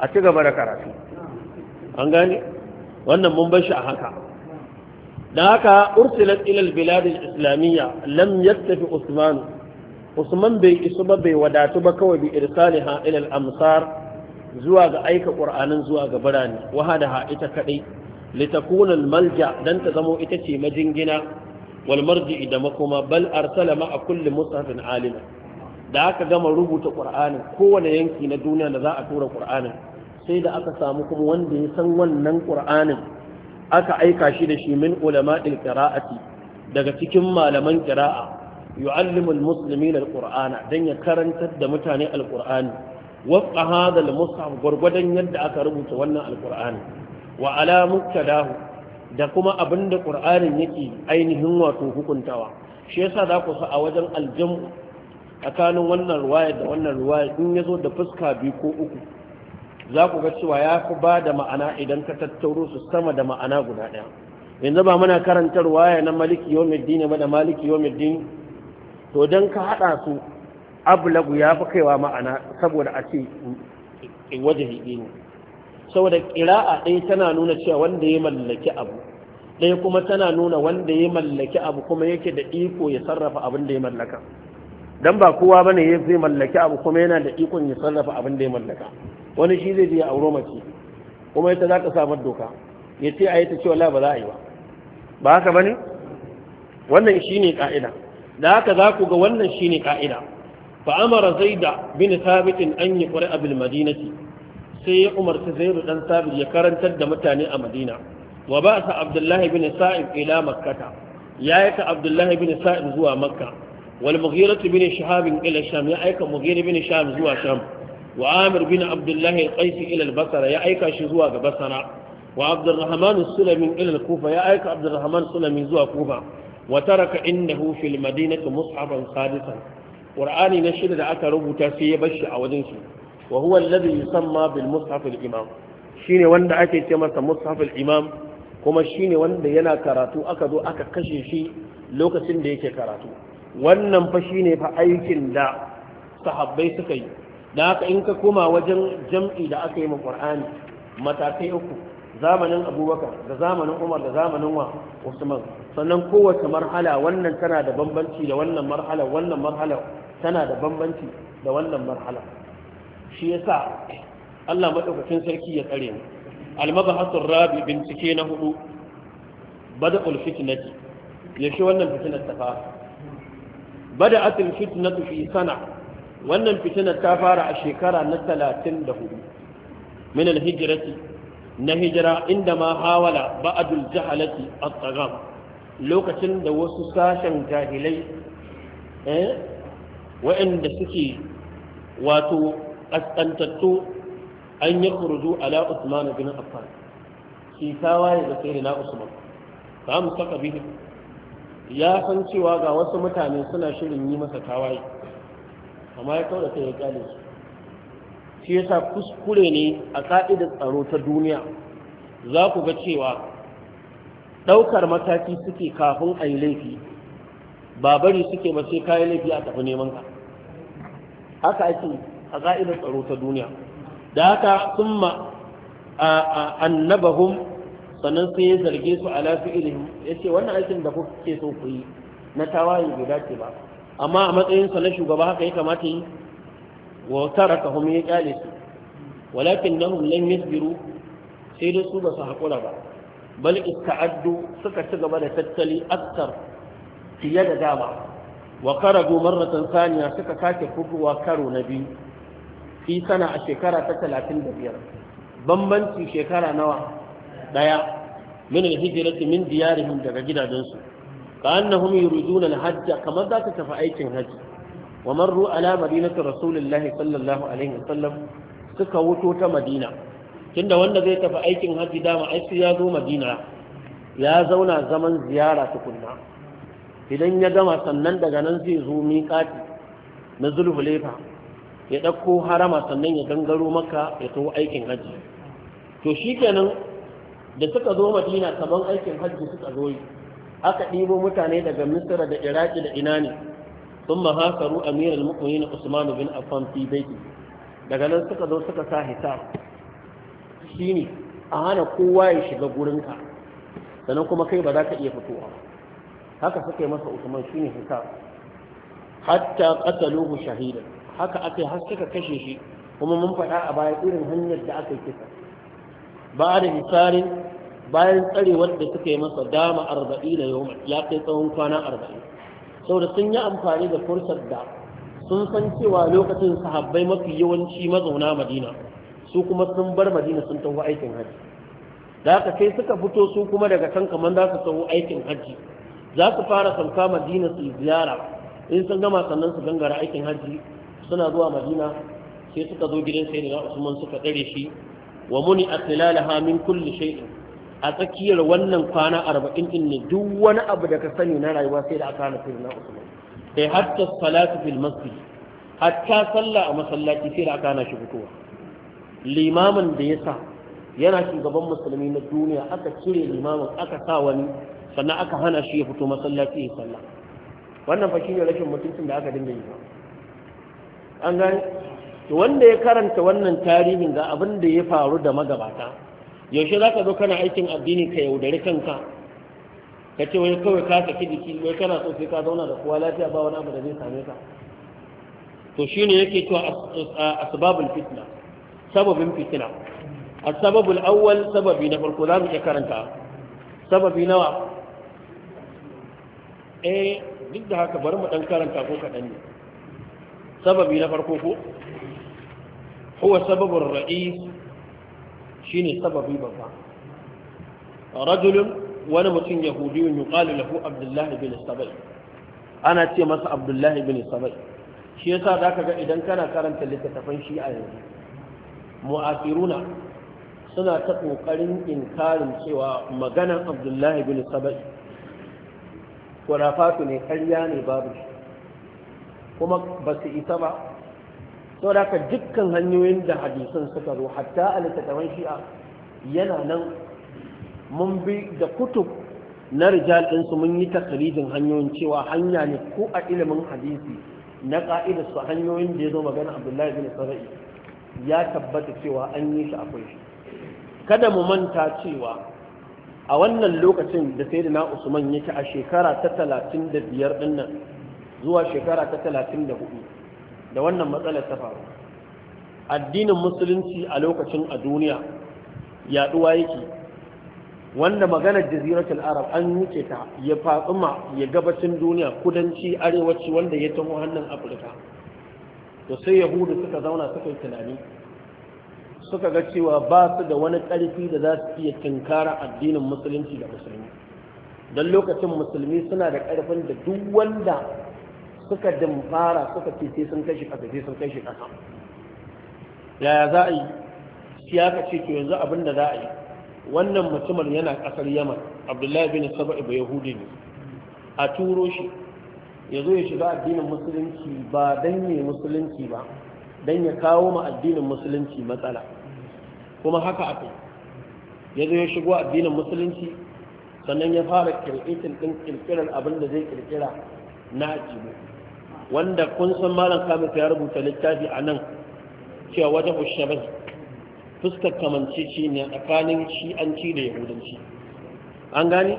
a ci gaba da karatu an gane wannan mun bar shi a haka Da haka ursilat ilal albilad islamiyya lam yattafi usman usman bai isu ba bai wadatu ba kawai bi irsaliha ilal amsar. zuwa ga aika ƙur'anin zuwa ga birane wahadaha ita kaɗai litakunan malja dan ta zamo ita ce majingina wal marji'i da makoma bal arsalama a kulli mushafin da aka gama rubuta ƙur'anin kowane yanki na duniya da za a tura ƙur'anin sai da aka samu kuma wanda ya san wannan ƙur'anin aka aika shi da shi min ulama'il qira'ati daga cikin malaman qira'a yu'allimul musulmi al ƙurana dan ya karantar da mutane al wasa hadal mushaf gwargwadon yadda aka rubuta wannan alqur'ani wa ala muktadahu da kuma abinda qur'anin yake ainihin wato hukuntawa shi yasa za ku sa a wajen aljamu tsakanin wannan ruwaya da wannan ruwaya in ya zo da fuska biyu ko uku za ku ga cewa ya fi ba da ma'ana idan ka tattauro su sama da ma'ana guda ɗaya yanzu ba muna karanta ruwaya na maliki yawmiddin ba da maliki yawmiddin to don ka haɗa su ablagu ya fi kaiwa ma'ana saboda a ce waje wajihi ne saboda ƙira'a ɗaya tana nuna cewa wanda ya mallaki abu ɗaya kuma tana nuna wanda ya mallaki abu kuma yake da iko ya sarrafa abin da ya mallaka dan ba kowa bane ya zai mallaki abu kuma yana da ikon ya sarrafa abin da ya mallaka wani shi zai je ya auro mace kuma ita za ta samar doka ya ce a yi ta cewa ba za a yi ba ba haka bane wannan shi ne ka'ida da haka za ku ga wannan shi ne ka'ida fa’amara zai da bin sabitin an yi ƙwari abin madinati sai ya umarci zai rudan sabit ya karantar da mutane a madina wa ba sa abdullahi bin sa’in ila makata ya aika abdullahi bin sa’in zuwa makka wal bin shahabin ila sham ya aika mughiri bin sham zuwa sham wa bin abdullahi qaisi ila basra ya aika shi zuwa ga basra wa abdurrahman sulaimin ila kufa ya aika abdurrahman sulaimin zuwa kufa wa taraka innahu fil madinati mus'haban sadisan qur'ani na shida da aka rubuta sai ya bashi a wajen shi wa huwa alladhi yusamma bil mushaf imam shine wanda ake ce masa mushaf imam kuma shine wanda yana karatu aka zo aka kashe shi lokacin da yake karatu wannan fa shine fa aikin da sahabbai suka yi da haka in ka koma wajen jam'i da aka yi ma ƙur'ani matakai uku zamanin abubakar da zamanin umar da zamanin wa usman sannan kowace marhala wannan tana da bambanci da wannan marhala wannan marhala tana da bambanci da wannan marhala shi sa Allah madaukakin sarki ya tsare mu almabahatur rabi bincike na hudu ulfitinati, ya shi wannan fitinar ta fara bada'atul fitnatu fi sana' wannan fitinar ta fara a shekara na talatin da hudu min alhijirati na hijira inda ma hawala ba'adul jahalati at-tagam lokacin da wasu sashen jahilai eh wa'anda suke wato kaskantattu an yi kurzu ala usman bin affan shi ta waye da sai na usman ba mu saka bihi ya san cewa ga wasu mutane suna shirin yi masa tawaye amma ya kauda sai ya kyale su shi yasa kuskure ne a ka'idar tsaro ta duniya za ku ga cewa ɗaukar mataki suke kafin a yi laifi ba bari suke ba sai kayi laifi a tafi neman ka haka ake a ka'idar tsaro ta duniya da haka summa annabahun sannan sai ya zarge su a lafi ya ce wannan aikin da kuke so ku yi na tawaye bai dace ba amma a matsayin sa na shugaba haka ya kamata yi wa tarakahum ya kyale su walakin na lam yasbiru sai dai su ba su hakura ba bal addu suka ci gaba da tattali aktar fiye da dama wa karabu marratan saniya suka sake fitowa karo na biyu fi sana a shekara ta talatin da biyar bambanci shekara nawa daya min alhijrati min diyarihim daga gidajensu ka annahum yuriduna alhajj kamar za ta tafi aikin haji. wa marru ala madinati rasulillahi sallallahu alaihi wasallam suka wuto ta madina tunda wanda zai tafi aikin hajji dama ai ya zo madina ya zauna zaman ziyara tukunna idan ya gama sannan daga nan zai zo miƙati na zulhulefa ya ɗauko harama sannan ya gangaro maka ya taho aikin hajji to shi kenan da suka zo madina kaman aikin hajji suka zo yi aka ɗibo mutane daga misira da iraki da ina ne sun mahasaru amiral mu'minin usman bin affan fi baiti daga nan suka zo suka sa hisab shine a hana kowa ya shiga gurinka sannan kuma kai ba za ka iya fitowa ba haka suka yi masa usman shine hika hatta qataluhu shahidan haka aka har suka kashe shi kuma mun faɗa a baya irin hanyar da aka yi kisa ba da hisarin bayan tsarewar da suka yi masa dama arba'i da yau ya kai tsawon kwana arba'in saboda sun yi amfani da fursar da sun san cewa lokacin sahabbai mafi yawanci mazauna madina su kuma sun bar madina sun taho aikin haji da aka sai suka fito su kuma daga kan kamar za su taho aikin hajji za su fara sauka madina su ziyara in sun gama sannan su gangara aikin hajji suna zuwa madina sai suka zo gidan sai da usman suka tsare shi wa muni atlalaha min kulli shay'in a tsakiyar wannan kwana arba'in din ne duk wani abu da ka sani na rayuwa sai da aka hana na usman Sai hatta salatu fil masjid hatta sallah a masallaci sai da aka hana shi fitowa limamin da ya sa yana shugaban musulmi na duniya aka cire limamin aka sa wani sannan aka hana shi ya fito masallaci ya salla wannan fa shine rashin mutuncin da aka dinga yi an gane to wanda ya karanta wannan tarihin ga abin da ya faru da magabata yaushe zaka zo kana aikin addini ka yaudari kanka ka ce wai kawai ka saki jiki wai kana so sai ka zauna da kowa lafiya ba wani abu da zai same ka to shine yake cewa asbabul fitna sababin fitina asbabul awwal sababi na farko za mu iya karanta sababi nawa eh duk da haka bari mu dan karanta ko kaɗan ne sababi na farko ko huwa sababin ra'is shine sababi babba rajulun wani mutum yahudiyun yuqalu lahu abdullahi bin sabai ana ce masa abdullahi bin sabai shi yasa zaka ga idan kana karanta littattafan shi a yanzu mu'asiruna suna ta kokarin inkarin cewa maganan abdullahi bin sabai fatu ne karya ne babu shi kuma ba su isa ba sau da dukkan hanyoyin da hadisan suka zo hatta a littattafan shi'a yana nan mun bi da kutub na rijal ɗinsu mun yi takalijin hanyoyin cewa hanya ne ko a ilimin hadisi na ƙa'idar su hanyoyin da ya zo magana abdullahi bin sara'i ya tabbata cewa an yi shi akwai shi kada mu manta cewa a wannan lokacin da sai na usman yake a shekara ta talatin da biyar dinnan zuwa shekara ta talatin da hudu da wannan matsalar ta faru addinin musulunci a lokacin a duniya yaduwa yake wanda maganar jaziratul arab an wuce ta ya fatsuma ya gabacin duniya kudanci arewaci wanda ya taho hannun afirka to sai yahudu suka zauna suka yi tunani suka ga cewa ba su da wani ƙarfi da za su iya tinkara addinin musulunci da musulmi don lokacin musulmi suna da ƙarfin da duk wanda suka dimfara suka ce sai sun kashi ƙasa sai sun kashi ƙasa yaya za a yi ya ce to yanzu abin da za a yi wannan mutumin yana ƙasar yaman abdullahi bin saba ibu yahudi ne a turo shi ya zo ya shiga addinin musulunci ba don yi musulunci ba don ya kawo ma addinin musulunci matsala kuma haka aka ya zo ya shigo addinin musulunci sannan ya fara kirkitin din kirkirar abin da zai kirkira na ajibu wanda kun san malam kamil ya rubuta littafi a nan cewa wajen ushabai fuskar kamanceci ne tsakanin shi'anci da yahudanci an gani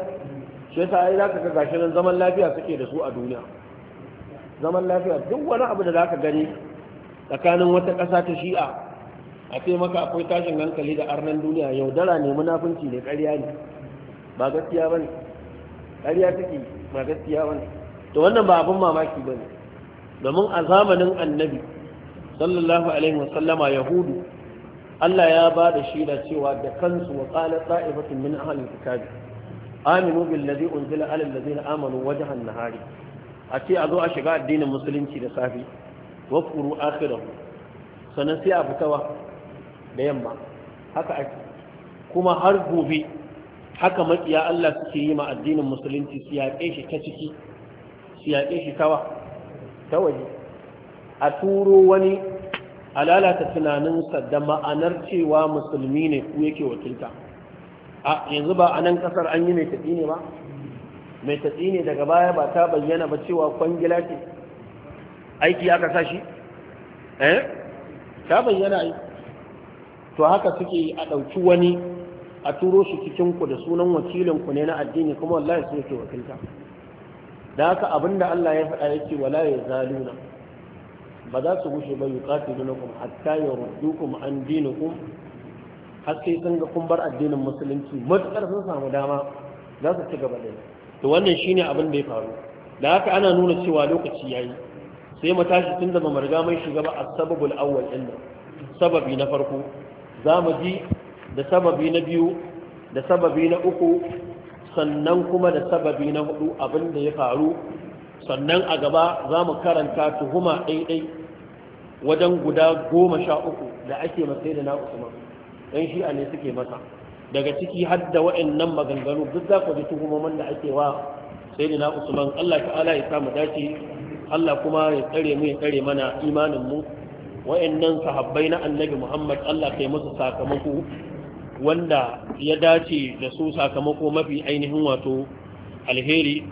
shi yasa ai za ka ga gashi nan zaman lafiya suke da su a duniya zaman lafiya duk wani abu da za ka gani tsakanin wata ƙasa ta shi'a a ce maka akwai tashin hankali da arnan duniya yaudara ne munafunci ne ƙarya ne ba gaskiya ba ne ƙarya take ba gaskiya ba ne to wannan ba abin mamaki ba ne domin a zamanin annabi sallallahu alaihi wasallama yahudu Allah ya ba da da cewa da kansu wa qala ta'ifatun min ahli kitabi aminu bil ladzi unzila ala allazina amanu wajhan nahari a ce a zo a shiga addinin musulunci da safi wa furu akhirahu sannan sai a fitawa da yamma haka ake kuma har gobe haka matsiya Allah suke yi ma addinin musulunci su yaƙe shi ta ciki su yaƙe shi tawa ta waje a turo wani a lalata tunaninsa da ma'anar cewa musulmi ne ku yake wakilta a yanzu ba a nan ƙasar an yi mai tafi ne ba mai tafi ne daga baya ba ta bayyana ba cewa kwangila ce aiki aka sa shi eh ta bayyana aiki to haka suke a ɗauki wani a turo shi cikin da sunan wakilinku ne na addini kuma wallahi su ke wakilta da haka abinda Allah ya faɗa yake wala ya zaluna ba za su gushe ba yuqatilunakum hatta yurdukum an dinikum har sai sun ga kun bar addinin musulunci matukar sun samu dama za su ci gaba da to wannan shine abin da ya faru da haka ana nuna cewa lokaci yayi sai mu tashi tun da mu riga mun shiga ba as awwal din sababi na farko za mu ji da sababi na biyu da sababi na uku sannan kuma da sababi na hudu abin da ya faru sannan a gaba za mu karanta tuhuma ɗaiɗai wajen guda goma sha uku da ake masai da na usman ɗan shi'a ne suke masa daga ciki har da waɗannan maganganu duk za ku ji tuhumomin da ake wa sai da na usman allah ta'ala ya samu dace allah kuma ya tsare mu ya tsare mana imanin mu wa'annan sahabbai na annabi Muhammad Allah kai musu sakamako wanda ya dace da su sakamako mafi ainihin wato alheri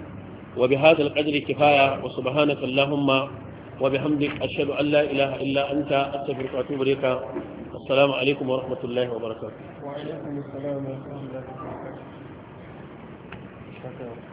wa bi hadha alqadri kifaya wa subhanaka allahumma wa bihamdik ashhadu an la ilaha illa anta astaghfiruka wa atubu ilayka assalamu alaikum wa rahmatullahi wa barakatuh wa alaikum assalam wa rahmatullahi wa barakatuh